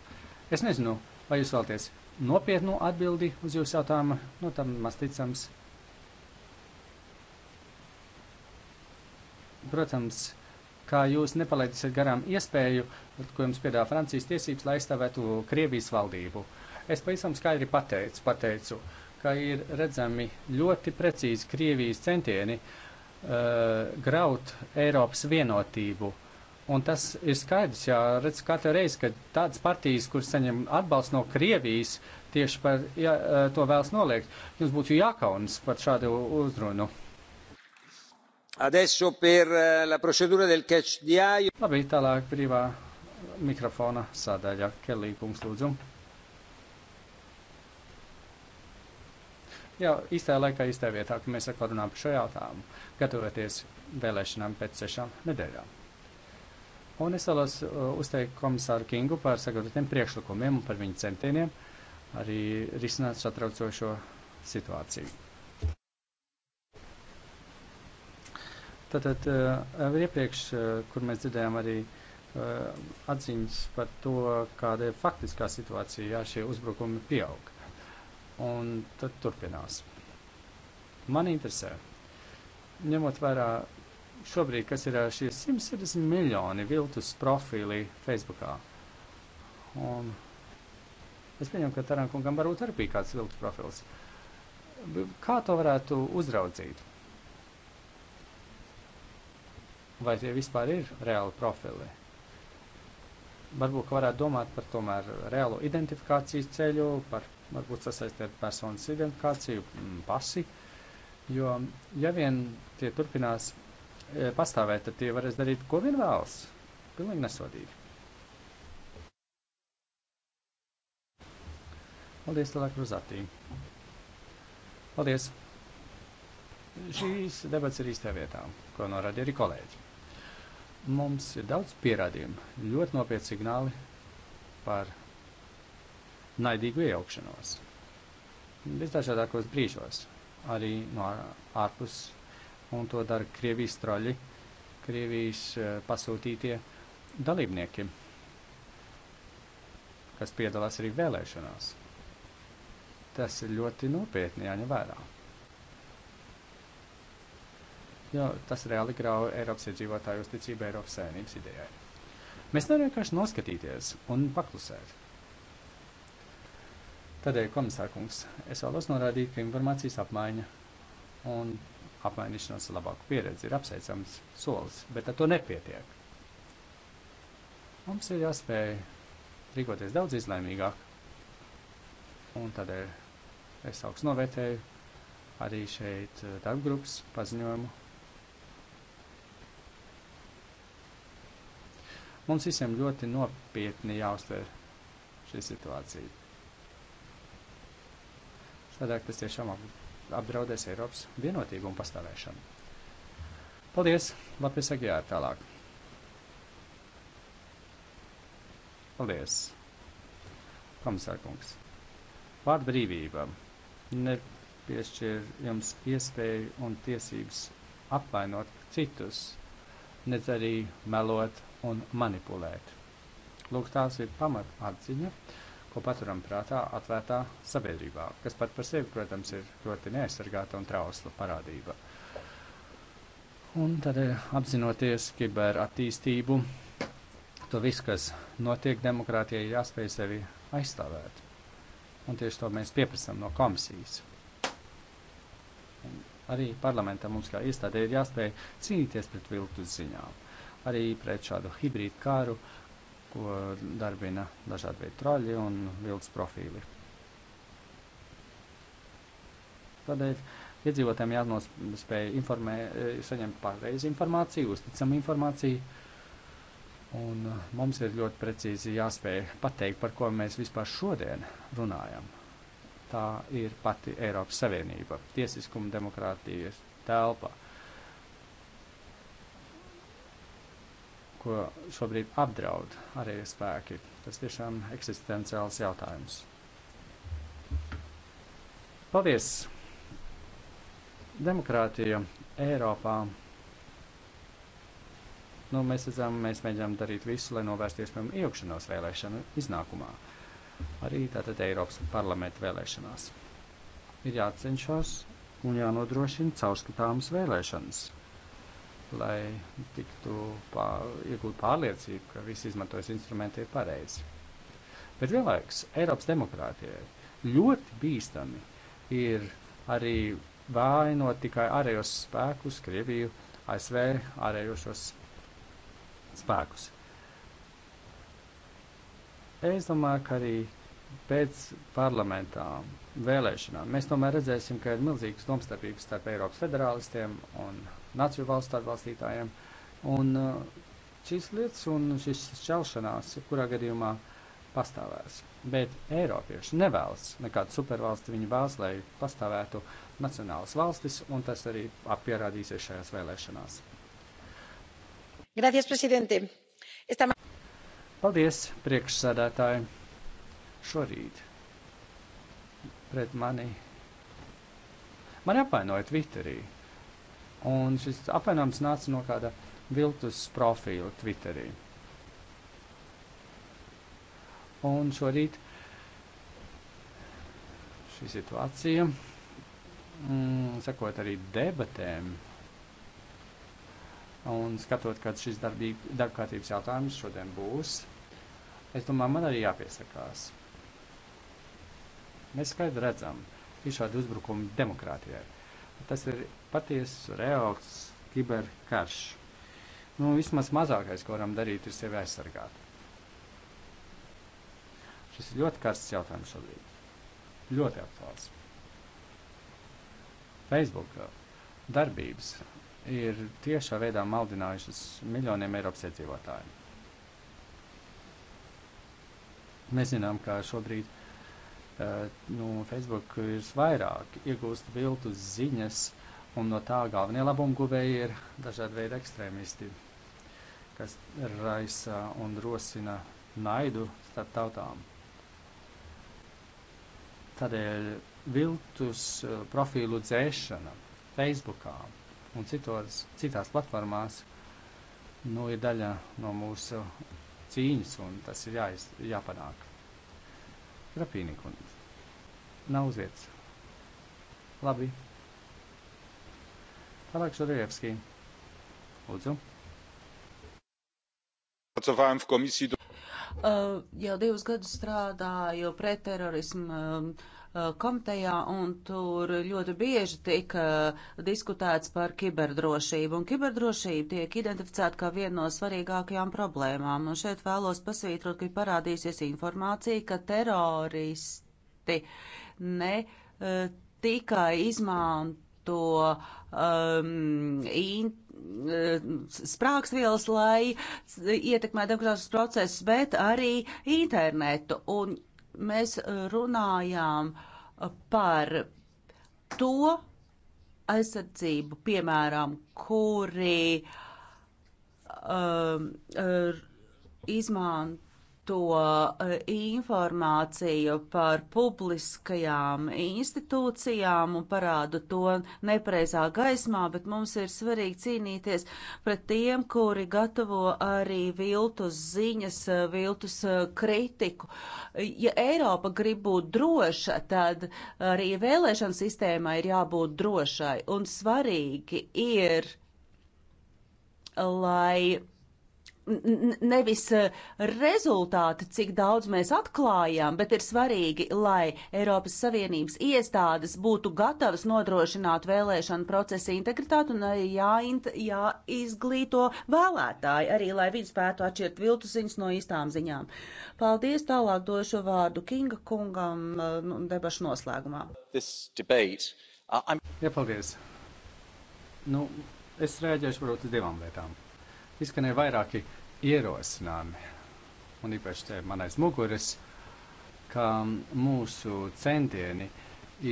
Es nezinu, uh, Vai jūs vēlaties nopietnu atbildi uz jūsu jautājumu? Nu, tam maz ticams. Protams, kā jūs nepalaidīsiet garām iespēju, ko jums piedāvā Francijas tiesības, lai aizstāvētu Krievijas valdību. Es pavisam skaidri pateicu, pateicu, ka ir redzami ļoti precīzi Krievijas centieni uh, graut Eiropas vienotību. Un tas ir skaidrs, jā, redz katru reizi, kad tādas partijas, kuras saņem atbalstu no Krievijas, tieši par jā, to vēlas noliegt. Jums būtu jākaunas par šādu uzrunu. Adesso per la procedura del catch di AI. Labi, tālāk brīvā mikrofona sadaļa. Kelī, kungs, lūdzu. jau īstajā laikā, īstajā vietā, ka mēs atkal runājam par šo jautājumu, gatavoties vēlēšanām pēc sešām nedēļām. Un es vēlos uh, uzteikt komisāru Kingu par sagatavotiem priekšlikumiem un par viņu centieniem arī risināt satraucošo situāciju. Tātad jau uh, iepriekš, uh, kur mēs dzirdējām arī atziņas par to, kāda ir faktiskā situācija, ja šie uzbrukumi pieaug. Un tad turpinās. Man interesē, ņemot vērā šobrīd, kas ir šie 170 miljoni viltus profili Facebookā. Un es pieņemu, ka Tarankungam varbūt arī bija kāds viltus profils. Kā to varētu uzraudzīt? Vai tie vispār ir reāli profili? Varbūt, ka varētu domāt par tomēr reālo identifikācijas ceļu, par varbūt sasaistīt personas identifikāciju, pasi. Jo, ja vien tie turpinās E, pastāvēt, tad tie varēs darīt, ko vien vēlas. Pilnīgi nesodīgi. Paldies, Tālāk, Rozatī. Paldies. Šīs debats ir īstajā vietā, ko norādīja arī kolēģi. Mums ir daudz pierādījumu, ļoti nopietni signāli par naidīgu iejaukšanos. Visdažādākos brīžos, arī no ārpus un to dara Krievijas troļi, Krievijas eh, pasūtītie dalībnieki, kas piedalās arī vēlēšanās. Tas ir ļoti nopietni jāņem vērā. Jo tas reāli grauj Eiropas iedzīvotāju uzticību Eiropas saimnības idejai. Mēs nevaram vienkārši noskatīties un paklusēt. Tādēļ, komisārkungs, es vēlos norādīt, ka informācijas apmaiņa un apmainīšanās ar labāku pieredzi ir apsveicams solis, bet ar to nepietiek. Mums ir jāspēj rīkoties daudz izlēmīgāk, un tādēļ es augstu novērtēju arī šeit eh, darbgrupas paziņojumu. Mums visiem ļoti nopietni jāuztver šī situācija. Sadāk tas tiešām apgūst apdraudēs Eiropas vienotību un pastāvēšanu. Paldies! Latvijas Agijāra tālāk. Paldies! Komisārkungs! Vārda brīvība nepiešķir jums iespēju un tiesības apvainot citus, ne arī melot un manipulēt. Lūk, tās ir pamat atziņa ko paturam prātā atvērtā sabiedrībā, kas pat par sevi, protams, ir ļoti neaizsargāta un trausla parādība. Un tad eh, apzinoties kiberattīstību, to visu, kas notiek demokrātijai, ir jāspēj sevi aizstāvēt. Un tieši to mēs pieprasām no komisijas. Un arī parlamentam mums kā iestādē ir jāspēj cīnīties pret viltus ziņām, arī pret šādu hibrīdu kāru, uh, ko darbina dažādi veidi traļi un viltus profīli. Tādēļ iedzīvotājiem jānospēj informē, saņemt pareizi informāciju, uzticamu informāciju, un uh, mums ir ļoti precīzi jāspēj pateikt, par ko mēs vispār šodien runājam. Tā ir pati Eiropas Savienība, tiesiskuma demokrātijas telpa. ko šobrīd apdraud ārējie spēki. Tas tiešām eksistenciāls jautājums. Paldies! Demokrātija Eiropā. Nu, mēs redzam, mēs mēģinām darīt visu, lai novērsties pie iejaukšanos vēlēšanu iznākumā. Arī tātad Eiropas parlamenta vēlēšanās. Ir jācenšas un jānodrošina caurskatāmas vēlēšanas lai tiktu pār, iegūt pārliecību, ka visi izmantojas instrumenti ir pareizi. Bet vienlaikus Eiropas demokrātijai ļoti bīstami ir arī vainot tikai ārējos spēkus, Krieviju, ASV ārējošos spēkus. Es domāju, ka arī pēc parlamentām vēlēšanām mēs tomēr redzēsim, ka ir milzīgas domstarpības starp Eiropas federālistiem un nāciju valstu atbalstītājiem. Un uh, šīs lietas un šis šķelšanās, kurā gadījumā pastāvēs. Bet Eiropieši nevēlas nekādu supervalsti, viņi vēlas, lai pastāvētu nacionālas valstis, un tas arī pierādīsies šajās vēlēšanās. Gracias, presidente. Esta... Paldies, priekšsēdētāji. Šorīt pret mani. Mani apvainoja Twitterī Un šis apvainojums nāca no kāda viltus profila Twitterī. Un šorīt šī situācija, mm, sakot arī debatēm, un skatot, kad šis darbkārtības jautājums šodien būs, es domāju, man arī jāpiesakās. Mēs skaidri redzam, ir šādi uzbrukumi demokrātijai Tas ir patiesas, reāls kiberkarš. Nu, vismaz mazākais, ko varam darīt, ir sevi aizsargāt. Šis ir ļoti karsts jautājums šobrīd. Ļoti aktuāls. Facebook darbības ir tiešā veidā maldinājušas miljoniem Eiropas iedzīvotāju. Mēs zinām, ka šobrīd Eh, nu, Facebook ir vairāk, iegūst viltus ziņas, un no tā galvenie labumu guvēji ir dažādi veidi ekstrēmisti, kas raisa un rosina naidu starp tautām. Tādēļ viltus eh, profilu dzēšana Facebookā un citos, citās platformās nu, ir daļa no mūsu cīņas, un tas ir jā, jāpanāk. Grapīnī kundze nav uz vietas. Labi. Tālāk Šarajevski. Lūdzu. Pracovałem w komisji do... Jau divus gadus strādāju pretterorismu komitejā, un tur ļoti bieži tika diskutēts par kiberdrošību. Un kiberdrošība tiek identificēta kā viena no svarīgākajām problēmām. Un šeit vēlos pasvītrot, ka ir parādījusies informācija, ka teroristi ne uh, tikai izmanto um, in, e, sprāgstvielas, lai ietekmētu demokrātiskus procesus, bet arī internetu. Un mēs runājām par to aizsardzību, piemēram, kuri um, e, izmanto to eh, informāciju par publiskajām institūcijām un parādu to nepreizā gaismā, bet mums ir svarīgi cīnīties pret tiem, kuri gatavo arī viltus ziņas, eh, viltus eh, kritiku. Ja Eiropa grib būt droša, tad arī vēlēšana sistēmai ir jābūt drošai un svarīgi ir, lai nevis eh, rezultāti, cik daudz mēs atklājām, bet ir svarīgi, lai Eiropas Savienības iestādes būtu gatavas nodrošināt vēlēšanu procesa integritāti un eh, jāint, jāizglīto vēlētāji, arī lai viņi spētu atšķirt viltu ziņas no īstām ziņām. Paldies, tālāk došu vārdu Kinga kungam eh, nu, debašu noslēgumā. Debate, uh, Jā, paldies. Nu, es rēģēšu varbūt uz divām lietām izskanēja vairāki ierosinājumi. Un īpaši te man aiz muguras, ka mūsu centieni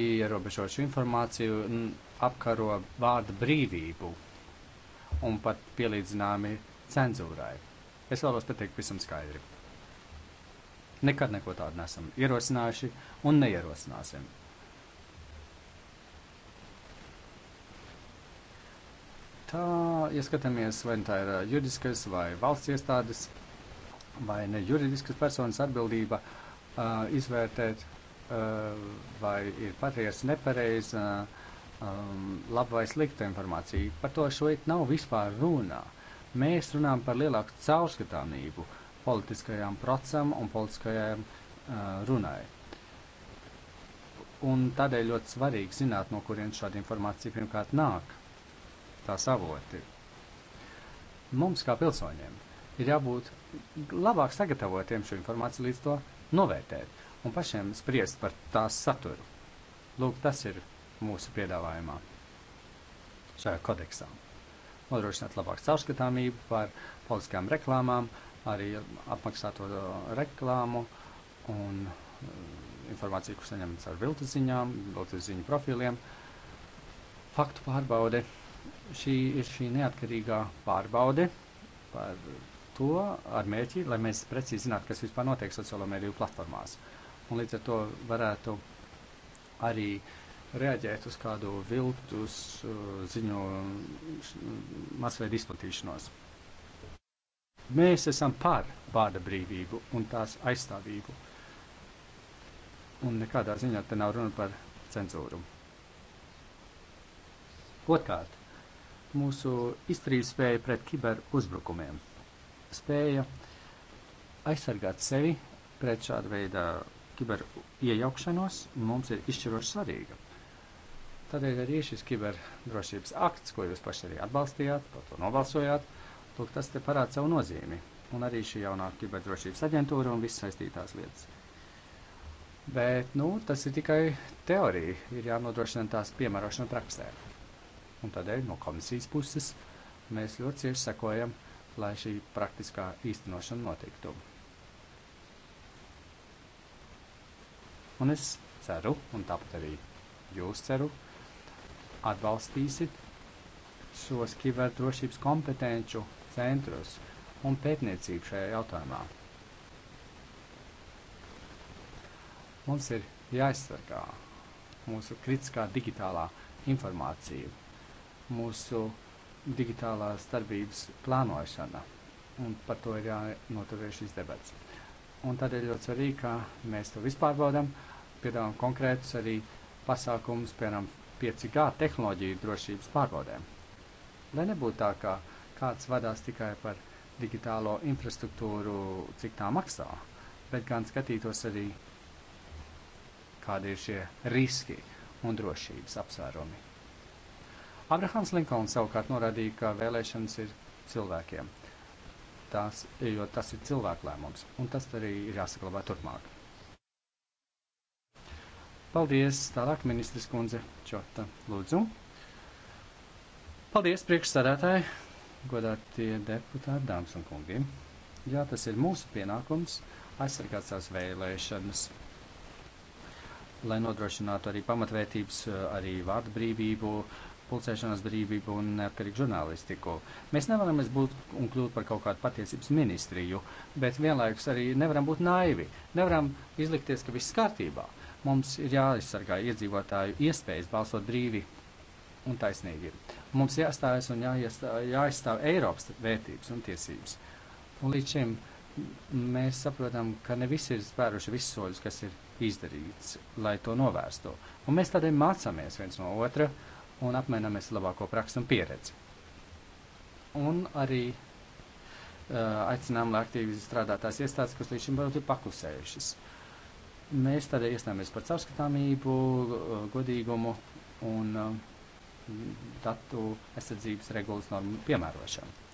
ierobežošu informāciju apkaro vārda brīvību un pat pielīdzināmi cenzūrai. Es vēlos pateikt visam skaidri. Nekad neko tādu nesam ierosinājuši un neierosināsim. tā, ja skatāmies, vai nu tā ir juridiskais vai valsts iestādes vai ne juridiskas personas atbildība uh, izvērtēt, uh, vai ir patiesa nepareiza, uh, um, laba vai slikta informācija. Par to šeit nav vispār runā. Mēs runājam par lielāku caurskatāmību politiskajām procesam un politiskajām uh, runai. Un tādēļ ļoti svarīgi zināt, no kurienes šāda informācija pirmkārt nāk tās avoti. Mums, kā pilsoņiem, ir jābūt labāk sagatavotiem šo informāciju, līdz to novērtēt un pašiem spriest par tās saturu. Lūk, tas ir mūsu piedāvājumā šajā kodeksā. Nodrošināt labāku caurskatāmību par politiskām reklāmām, arī apmaksāto reklāmu un eh, informāciju, ko saņemam caur viltu ziņām, viltu ziņu profiliem, faktu pārbaude šī ir šī neatkarīgā pārbaude par to ar mērķi, lai mēs precīzi zinātu, kas vispār notiek sociālo mediju platformās. Un līdz ar to varētu arī reaģēt uz kādu viltus uh, ziņu masveidu izplatīšanos. Mēs esam par vārda brīvību un tās aizstāvību. Un nekādā ziņā te nav runa par cenzūru. Otkārt, mūsu izturības spēja pret kiberuzbrukumiem, spēja aizsargāt sevi pret šādu veidu kiber iejaukšanos mums ir izšķiroši svarīga. Tādēļ arī šis kiberdrošības akts, ko jūs paši arī atbalstījāt, par to nobalsojāt, lūk, tas te parāda savu nozīmi. Un arī šī jaunā kiberdrošības aģentūra un viss saistītās lietas. Bet, nu, tas ir tikai teorija, ir jānodrošina tās piemērošana praksē. Un tādēļ no komisijas puses mēs ļoti cieši sekojam, lai šī praktiskā īstenošana notiktu. Un es ceru, un tāpat arī jūs ceru, atbalstīsit šos kiberdrošības kompetenču centrus un pētniecību šajā jautājumā. Mums ir jāaizsargā mūsu kritiskā digitālā informācija mūsu digitālās darbības plānošana. Un par to ir jānoturē šis debats. Un tādēļ ļoti svarīgi, ka mēs to vispār baudām, piedāvājam konkrētus arī pasākumus, piemēram, 5G tehnoloģiju drošības pārbaudēm. Lai nebūtu tā, ka kāds vadās tikai par digitālo infrastruktūru, cik tā maksā, bet gan skatītos arī, kādi ir šie riski un drošības apsvērumi. Abrahams Linkons savukārt norādīja, ka vēlēšanas ir cilvēkiem. Tās, jo tas ir cilvēku lēmums, un tas arī ir jāsaglabā turpmāk. Paldies, tālāk ministrs kundze Čota, lūdzu. Paldies, priekšsādātāji, godātie deputāti, dāmas un kungi. Jā, tas ir mūsu pienākums aizsargāt savas vēlēšanas, lai nodrošinātu arī pamatvērtības, arī vārdu brīvību, pulcēšanās brīvību un neatkarīgu žurnālistiku. Mēs nevaram būt un kļūt par kaut kādu patiesības ministriju, bet vienlaikus arī nevaram būt naivi. Nevaram izlikties, ka viss kārtībā. Mums ir jāizsargā iedzīvotāju iespējas balsot brīvi un taisnīgi. Mums jāstājas un jāiestāv, jāizstāv Eiropas vērtības un tiesības. Un līdz šim mēs saprotam, ka ne visi ir spēruši visus soļus, kas ir izdarīts, lai to novērstu. Un mēs tādēļ mācāmies viens no otra, uh, un apmainamies labāko praksu un pieredzi. Un arī uh, aicinām, lai aktīvi strādātās iestādes, kas līdz šim varbūt ir paklusējušas. Mēs tādēļ iestājāmies par caurskatāmību, godīgumu un uh, datu aizsardzības regulas normu piemērošanu.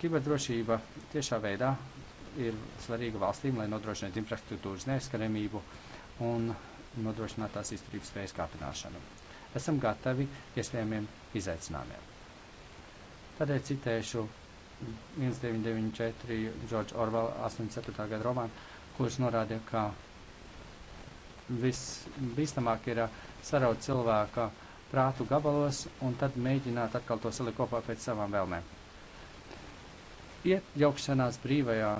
Kiberdrošība tiešā veidā ir svarīga valstīm, lai nodrošinātu infrastruktūras neaizskaramību un uh, un nodrošināt tās izturības spējas kāpināšanu. Esam gatavi iespējamiem izaicinājumiem. Tādēļ citēšu 1994 George Orwell 84. gada romānu, kurš norādīja, ka visbīstamāk ir uh, saraut cilvēka prātu gabalos un tad mēģināt atkal to salikt kopā pēc savām vēlmēm. Iejaukšanās brīvajā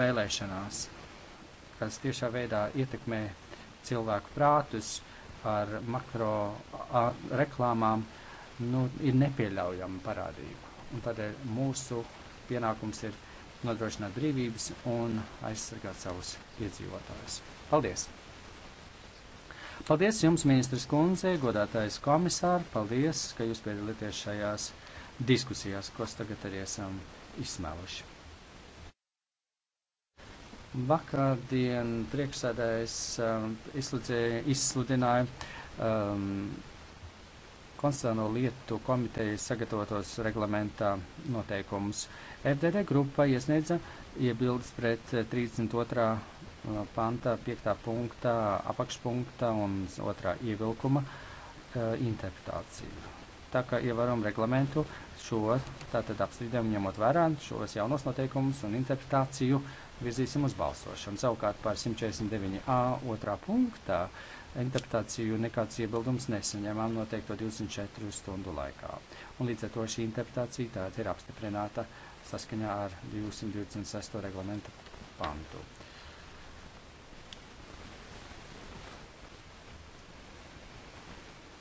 vēlēšanās, kas tiešā veidā ietekmē cilvēku prātus ar makro a, reklāmām, nu, ir nepieļaujama parādība. Un tādēļ mūsu pienākums ir nodrošināt brīvības un aizsargāt savus iedzīvotājus. Paldies! Paldies jums, ministrs kundze, godātais komisār, paldies, ka jūs piedalīties šajās diskusijās, kas tagad arī esam izsmēluši. Vakardien priekšsēdājs um, izsludināja um, konstitucionālo lietu komitejas sagatavotos reglamentā noteikumus. FDD grupa iesniedza iebildes pret 32. Uh, panta 5. punktā, apakšpunktā un 2. ievilkuma uh, interpretāciju. Tā kā ievaram reglamentu šo, tātad apstrīdam ņemot vērā šos jaunos noteikumus un interpretāciju uh, virzīsim uz balsošanu. Savukārt par 149a otrā punktā interpretāciju nekāds iebildums nesaņemām noteikto 24 stundu laikā. Un līdz ar to šī interpretācija tāda ir apstiprināta saskaņā ar 226. reglamenta pantu.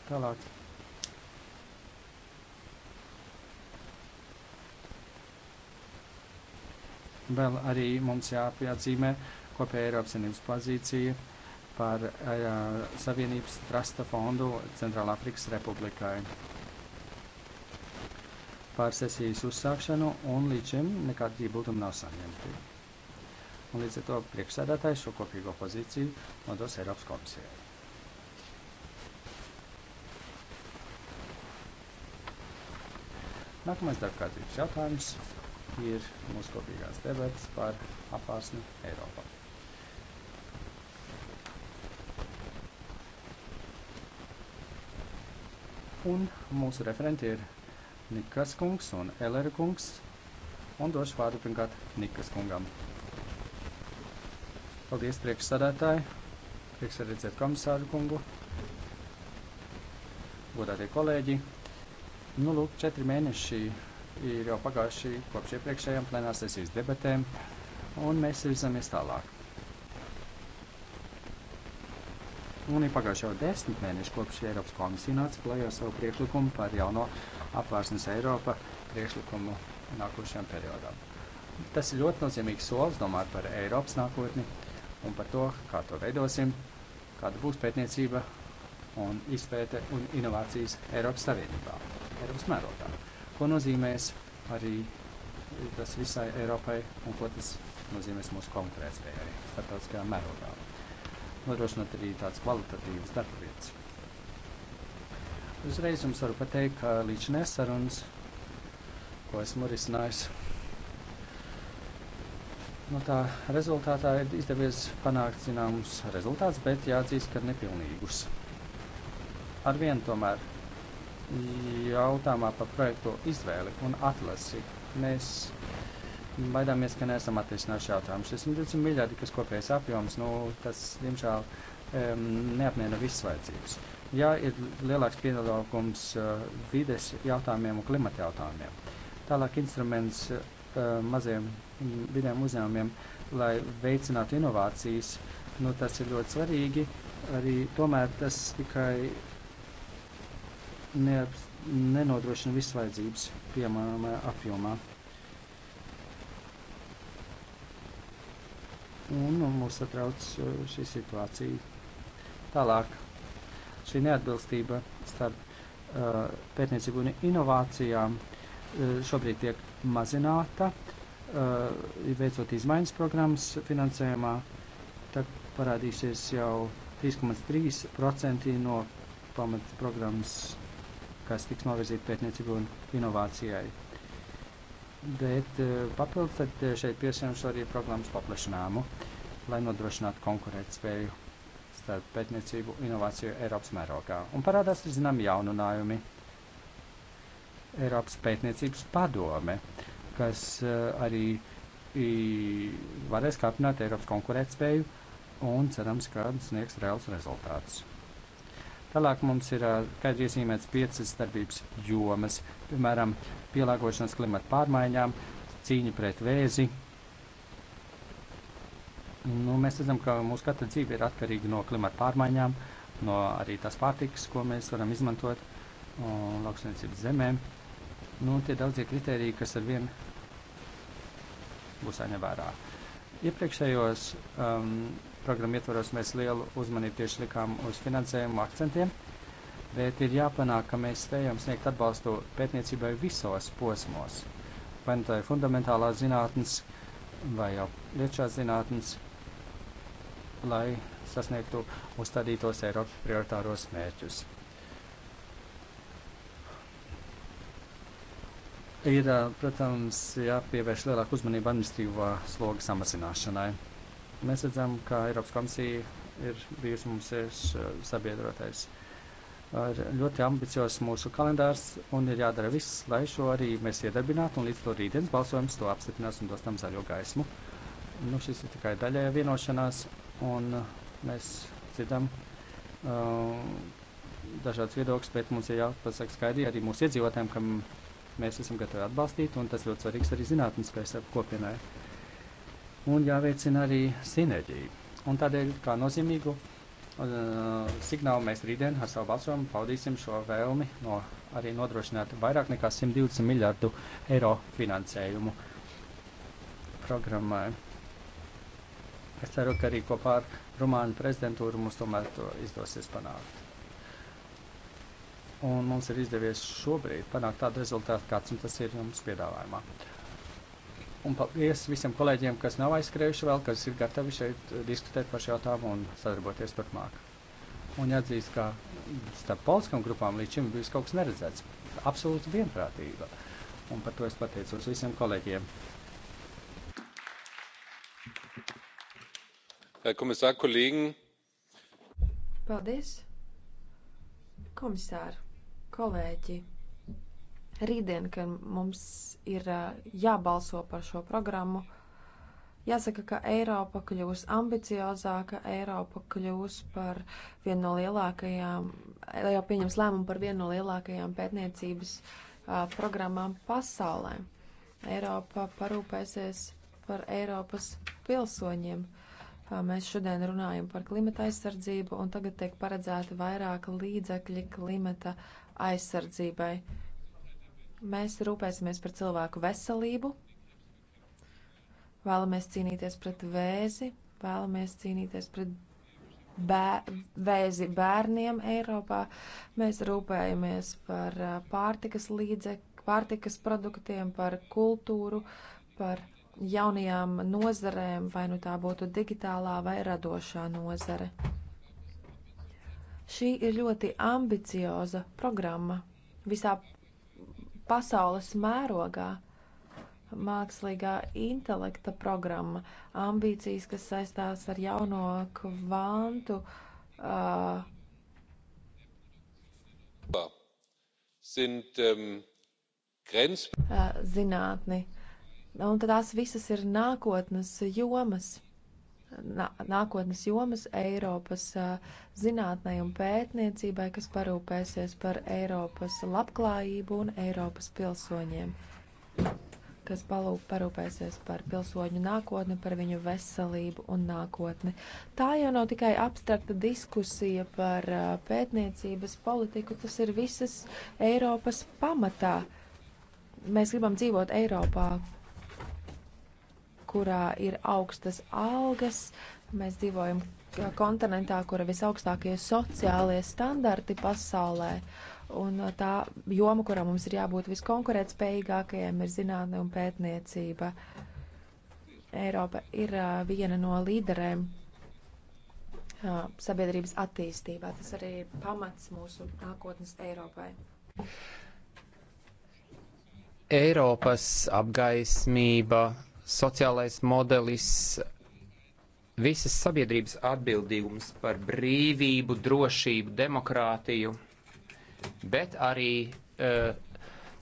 Tālāk. Vēl arī mums jāatzīmē kopēja Eiropas Savienības pozīcija par uh, Savienības trasta fondu Centrālāfrikas Republikai. Par sesijas uzsākšanu un līdz šim nekāda iebilduma nav saņemta. Un līdz ar to priekšsēdētājs šo kopīgo pozīciju nodos Eiropas komisijai. Nākamais darbkārtības jautājums ir mūsu kopīgās debates par Apvārsni Eiropa. Un mūsu referenti ir Nikas kungs un Elere kungs. Un došu vārdu pirmkārt Nikas kungam. Paldies priekšsādātāji, prieks redzēt komisāru kungu, godātie kolēģi. Nu, lūk, četri mēneši ir jau pagājuši kopš iepriekšējām plenārās sesijas debatēm, un mēs virzamies tālāk. Un ir pagājuši jau desmit mēneši kopš Eiropas komisija nāca klajā savu priekšlikumu par jauno apvērsnes Eiropa priekšlikumu nākošajam periodam. Tas ir ļoti nozīmīgs solis domāt par Eiropas nākotni un par to, kā to veidosim, kāda būs pētniecība un izpēte un inovācijas Eiropas Savienībā, Eiropas mērogā ko nozīmēs arī eh, tas visai Eiropai un ko tas nozīmēs mūsu konkurētspējai arī starptautiskajā mērogā. Nodrošinot arī tādas kvalitatīvas darba vietas. Uzreiz jums varu pateikt, ka līdz nesarunas, ko esmu risinājis, no tā rezultātā ir izdevies panākt zināmus rezultātus, bet jāatzīst, ka nepilnīgus. Arvien tomēr jautājumā par projektu izvēli un atlasi. Mēs baidāmies, ka neesam atrisinājuši jautājumu. Šis 20 miljardi, kas kopējais apjoms, nu, tas, diemžēl, um, neapmiena visas vajadzības. Jā, ir lielāks pienākums uh, eh, vides jautājumiem un klimata jautājumiem. Tālāk instruments uh, maziem vidiem uzņēmumiem, lai veicinātu inovācijas, nu, tas ir ļoti svarīgi. Arī tomēr tas tikai neaps, nenodrošina visas vajadzības pieejamā apjomā. Un nu, mūs satrauc uh, šī situācija. Tālāk šī neatbilstība starp uh, pētniecību un inovācijām uh, šobrīd tiek mazināta, uh, veicot izmaiņas programmas finansējumā. Tad parādīsies jau 3,3% no pamatprogrammas kas tiks novirzīti pētniecību un inovācijai. Bet eh, papildus tad eh, šeit piesaucams arī programmas paplašinājumu, lai nodrošinātu konkurētspēju starp pētniecību un inovāciju Eiropas mērogā. Un parādās arī zinām jaununājumi Eiropas pētniecības padome, kas eh, arī varēs kāpināt Eiropas konkurētspēju un cerams, ka sniegs reāls rezultāts. Tālāk mums ir skaidri iezīmēts piecas darbības jomas, piemēram, pielāgošanās klimata pārmaiņām, cīņa pret vēzi. Nu, mēs redzam, ka mūsu katra dzīve ir atkarīga no klimata pārmaiņām, no arī tās pārtikas, ko mēs varam izmantot lauksaimniecības zemēm. Nu, tie daudzie kriteriji, kas ar vienu būs jāņem vērā. Iepriekšējos um, programmu ietvaros mēs lielu uzmanību tieši likām uz finansējumu akcentiem, bet ir jāpanāk, ka mēs spējam sniegt atbalstu pētniecībai visos posmos. Vai nu tā ir fundamentālās zinātnes, vai jau liečās zinātnes, lai sasniegtu uzstādītos Eiropas prioritāros mērķus. Ir, protams, jāpievērš lielāka uzmanība administratīvā sloga samazināšanai. Mēs redzam, ka Eiropas komisija ir bijusi mums eh, sabiedrotais. Ir ļoti ambiciozs mūsu kalendārs un ir jādara viss, lai šo arī mēs iedarbinātu un līdz to rītdienas balsojums to apstiprinās un dos tam zaļo gaismu. Nu, šis ir tikai daļēja vienošanās un eh, mēs dzirdam uh, dažādas viedokļas, bet mums ir jāpasaka skaidri arī mūsu iedzīvotājiem, ka mēs esam gatavi atbalstīt un tas ļoti svarīgs arī zinātniskais kopienai. Uh, un jāveicina arī sinerģija. Un tādēļ kā nozīmīgu uh, signālu mēs rītdien ar savu balsojumu paudīsim šo vēlmi no arī nodrošināt vairāk nekā 120 miljardu eiro finansējumu programmai. Es ceru, ka arī kopā ar Rumāņu prezidentūru mums tomēr to izdosies panākt. Un mums ir izdevies šobrīd panākt tādu rezultātu, kāds tas ir jums piedāvājumā. Uh, Un paldies visiem kolēģiem, kas nav aizskrējuši vēl, kas ir gatavi šeit eh, diskutēt par šo jautājumu un sadarboties turpmāk. Un jāatzīst, ka starp politiskām grupām līdz šim bija kaut kas neredzēts. Absolūta vienprātība. Un par to es pateicos visiem kolēģiem. Herr Kommissar, Kollegen. Paldies. Komisār, kolēģi rītdien, kad mums ir jābalso par šo programmu, jāsaka, ka Eiropa kļūs ambiciozāka, Eiropa kļūs par vienu no lielākajām, jau pieņems lēmumu par vienu no lielākajām pētniecības uh, programmām pasaulē. Eiropa parūpēsies par Eiropas pilsoņiem. Mēs šodien runājam par klimata aizsardzību, un tagad tiek paredzēti vairāk līdzekļi klimata aizsardzībai. Mēs rūpēsimies par cilvēku veselību, vēlamies cīnīties pret vēzi, vēlamies cīnīties pret bē, vēzi bērniem Eiropā. Mēs rūpējamies par pārtikas līdzekļu, pārtikas produktiem, par kultūru, par jaunajām nozarēm, vai nu tā būtu digitālā vai radošā nozare. Šī ir ļoti ambicioza programma visā pasaules mērogā. Mākslīgā intelekta programma, ambīcijas, kas saistās ar jauno kvantu. Uh, sind, um, grenz... uh, zinātni. Un tās visas ir nākotnes jomas nākotnes jomas Eiropas zinātnē un pētniecībai, kas parūpēsies par Eiropas labklājību un Eiropas pilsoņiem, kas palūp, parūpēsies par pilsoņu nākotni, par viņu veselību un nākotni. Tā jau nav tikai abstrakta diskusija par pētniecības politiku, tas ir visas Eiropas pamatā. Mēs gribam dzīvot Eiropā, kurā ir augstas algas. Mēs dzīvojam uh, kontinentā, kur ir visaugstākie sociālie standarti pasaulē. Un uh, tā joma, kurā mums ir jābūt viskonkurētspējīgākajiem, ir zinātne un pētniecība. Eiropa ir uh, viena no līderēm sabiedrības attīstībā. Tas arī ir pamats mūsu nākotnes Eiropai. Eiropas apgaismība sociālais modelis, visas sabiedrības atbildīgums par brīvību, drošību, demokrātiju, bet arī uh,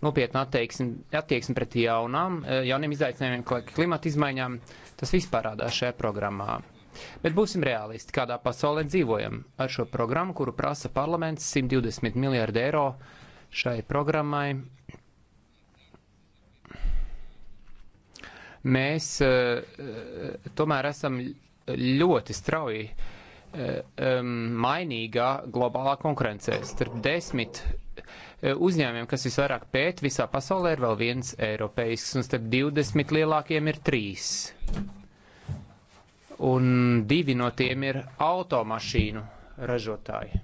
nopietna attieksme pret jaunām, e, jauniem izaicinājumiem, kā klimata izmaiņām, tas viss parādās šajā programmā. Bet būsim realisti, kādā pasaulē dzīvojam. Ar šo programmu, kuru prasa parlaments, 120 miljārdi eiro šai programmai Mēs eh, eh, tomēr esam ļoti strauji eh, mainīgā globālā konkurencē. Starp desmit uzņēmumiem, kas visvairāk pēt visā pasaulē, ir vēl viens eiropeisks, un starp 20 lielākiem ir trīs. Un divi no tiem ir automašīnu ražotāji.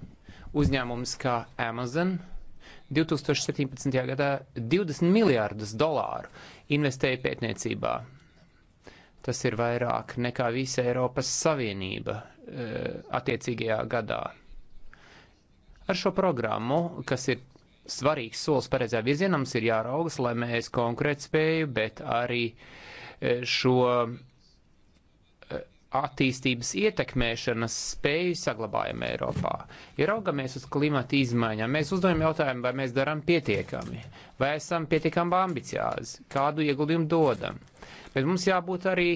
Uzņēmums kā Amazon, 2017. gadā 20 miljārdus dolāru investēja pētniecībā. Tas ir vairāk nekā visa Eiropas Savienība eh, attiecīgajā gadā. Ar šo programmu, kas ir svarīgs solis pareizā virzienā, mums ir jāraugas, lai mēs konkurētspēju, bet arī eh, šo attīstības ietekmēšanas spēju saglabājam Eiropā. Ja raugamies uz klimata izmaiņām, mēs uzdojam jautājumu, vai mēs darām pietiekami, vai esam pietiekami ambiciozi, kādu ieguldījumu dodam. Bet mums jābūt arī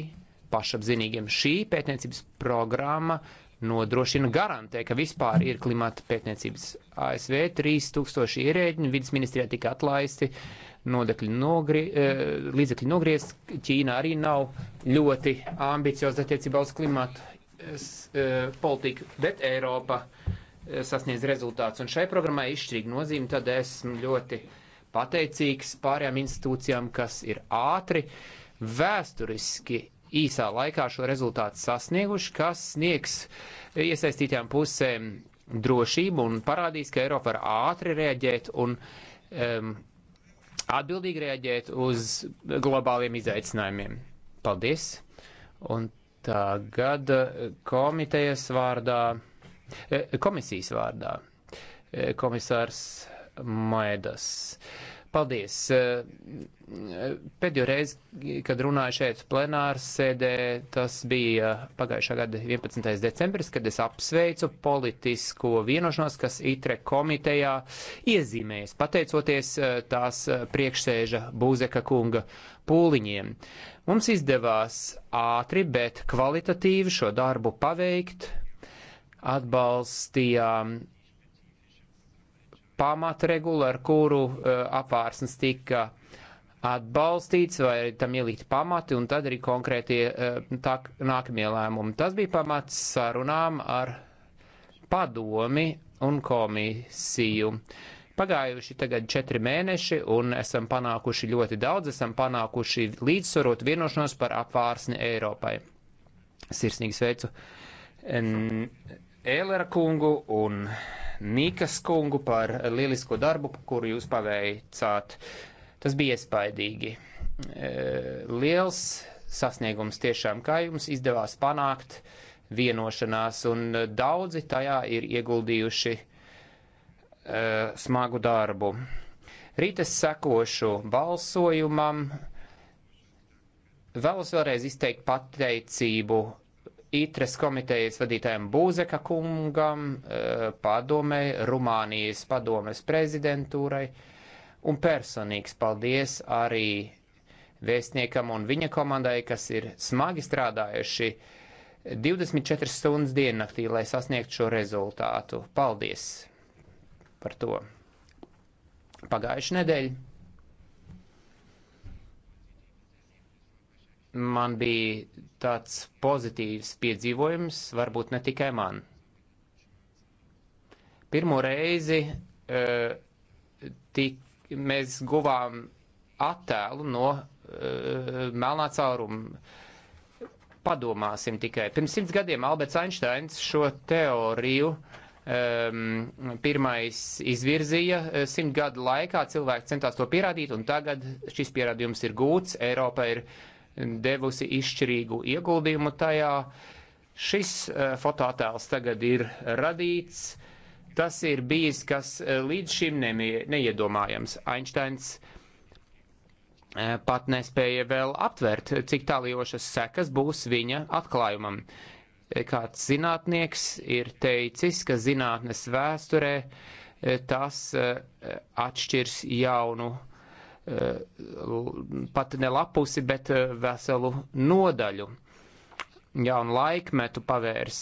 pašapzinīgiem. Šī pētniecības programma nodrošina garantē, ka vispār ir klimata pētniecības. ASV 3000 ierēģiņu vidas ministrijā tika atlaisti. Uh, nodekļu nogri, e, līdzekļu nogriezt. Ķīna arī nav ļoti ambicioza attiecībā uz klimatu e, politiku, bet Eiropa e, sasniedz rezultāts. Un šai programmai izšķirīgi nozīme, tad esmu ļoti pateicīgs pārējām institūcijām, kas ir ātri, vēsturiski īsā laikā šo rezultātu sasnieguši, kas sniegs iesaistītām pusēm drošību un parādīs, ka Eiropa var ātri reaģēt un um, atbildīgi reaģēt uz globāliem izaicinājumiem. Paldies! Un tagad eh, komitejas vārdā, eh, komisijas vārdā eh, komisārs Maedas. Paldies! Eh, pēdējo reizi, kad runāju šeit plenāras sēdē, tas bija pagājušā gada 11. decembris, kad es apsveicu politisko vienošanos, kas ITRE komitejā iezīmējas, pateicoties eh, tās eh, priekšsēža Būzeka kunga pūliņiem. Mums izdevās ātri, bet kvalitatīvi šo darbu paveikt, atbalstījām pamatregula, ar kuru eh, apvārsnes tika atbalstīts vai tam ielikt pamati, un tad arī konkrētie eh, tā, nākamie lēmumi. Tas bija pamats sarunām ar padomi un komisiju. Pagājuši tagad četri mēneši un esam panākuši ļoti daudz, esam panākuši līdzsvarot vienošanos par apvārsni Eiropai. Sirsnīgi sveicu Ēlera kungu un Mīkas kungu par lielisko darbu, kuru jūs paveicāt. Tas bija iespaidīgi. E, liels sasniegums tiešām, kā jums izdevās panākt vienošanās, un daudzi tajā ir ieguldījuši e, smagu darbu. Rīt es sekošu balsojumam. Vēlos vēlreiz izteikt pateicību ITRES komitejas vadītājiem Būzeka kungam, e, padomē, Rumānijas padomes prezidentūrai un personīgs paldies arī vēstniekam un viņa komandai, kas ir smagi strādājuši 24 stundas diennaktī, lai sasniegtu šo rezultātu. Paldies par to! Pagājuši nedēļu man bija tāds pozitīvs piedzīvojums, varbūt ne tikai man. Pirmo reizi uh, tik, mēs guvām attēlu no uh, melnā cauruma. Padomāsim tikai. Pirms simts gadiem Alberts Einsteins šo teoriju um, pirmais izvirzīja. E, Simt gadu laikā cilvēki centās to pierādīt, un tagad šis pierādījums ir gūts. Eiropa ir uh, devusi izšķirīgu ieguldījumu tajā. Šis eh, fotoattēls tagad ir radīts. Tas ir bijis, kas eh, līdz šim neiedomājams. Einsteins eh, pat nespēja vēl aptvert, cik tālijošas sekas būs viņa atklājumam. Kāds zinātnieks ir teicis, ka zinātnes vēsturē tas atšķirs jaunu uh, Eh, pat ne lapusi, bet eh, veselu nodaļu. Jaunu laikmetu pavērs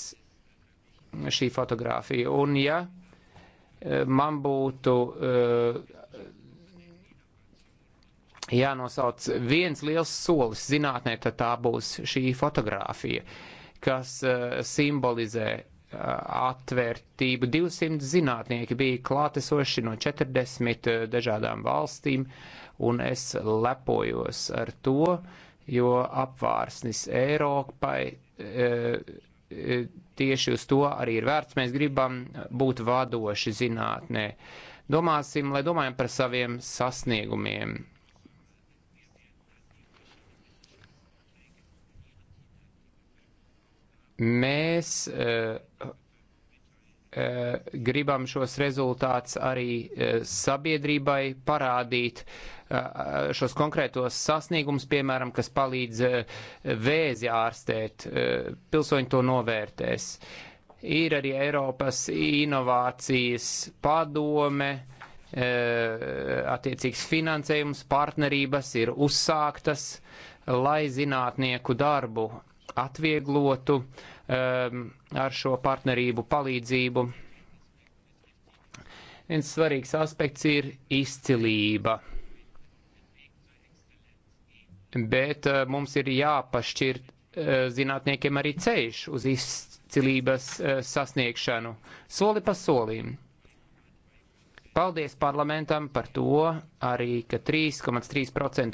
šī fotografija. Un ja eh, man būtu jānosauc viens liels solis zinātnē, tad tā būs šī fotografija, kas simbolizē atvērtību. 200 zinātnieki bija klātesoši no 40 eh, dažādām valstīm, un es lepojos ar to, jo apvārsnis Eiropai eh, eh, tieši uz to arī ir vērts. Mēs gribam būt vadoši zinātnē. Domāsim, lai domājam par saviem sasniegumiem Mēs uh, gribam šos rezultātus arī eh, sabiedrībai parādīt, šos konkrētos sasniegumus, piemēram, kas palīdz vēzi ārstēt, pilsoņi to novērtēs. Ir arī Eiropas inovācijas padome, attiecīgs finansējums, partnerības ir uzsāktas, lai zinātnieku darbu atvieglotu um, ar šo partnerību palīdzību. Viens svarīgs aspekts ir izcilība. Bet uh, mums ir jāpašķirt uh, zinātniekiem arī ceļš uz izcilības uh, sasniegšanu soli pa solim. Paldies parlamentam par to arī, ka 3,3%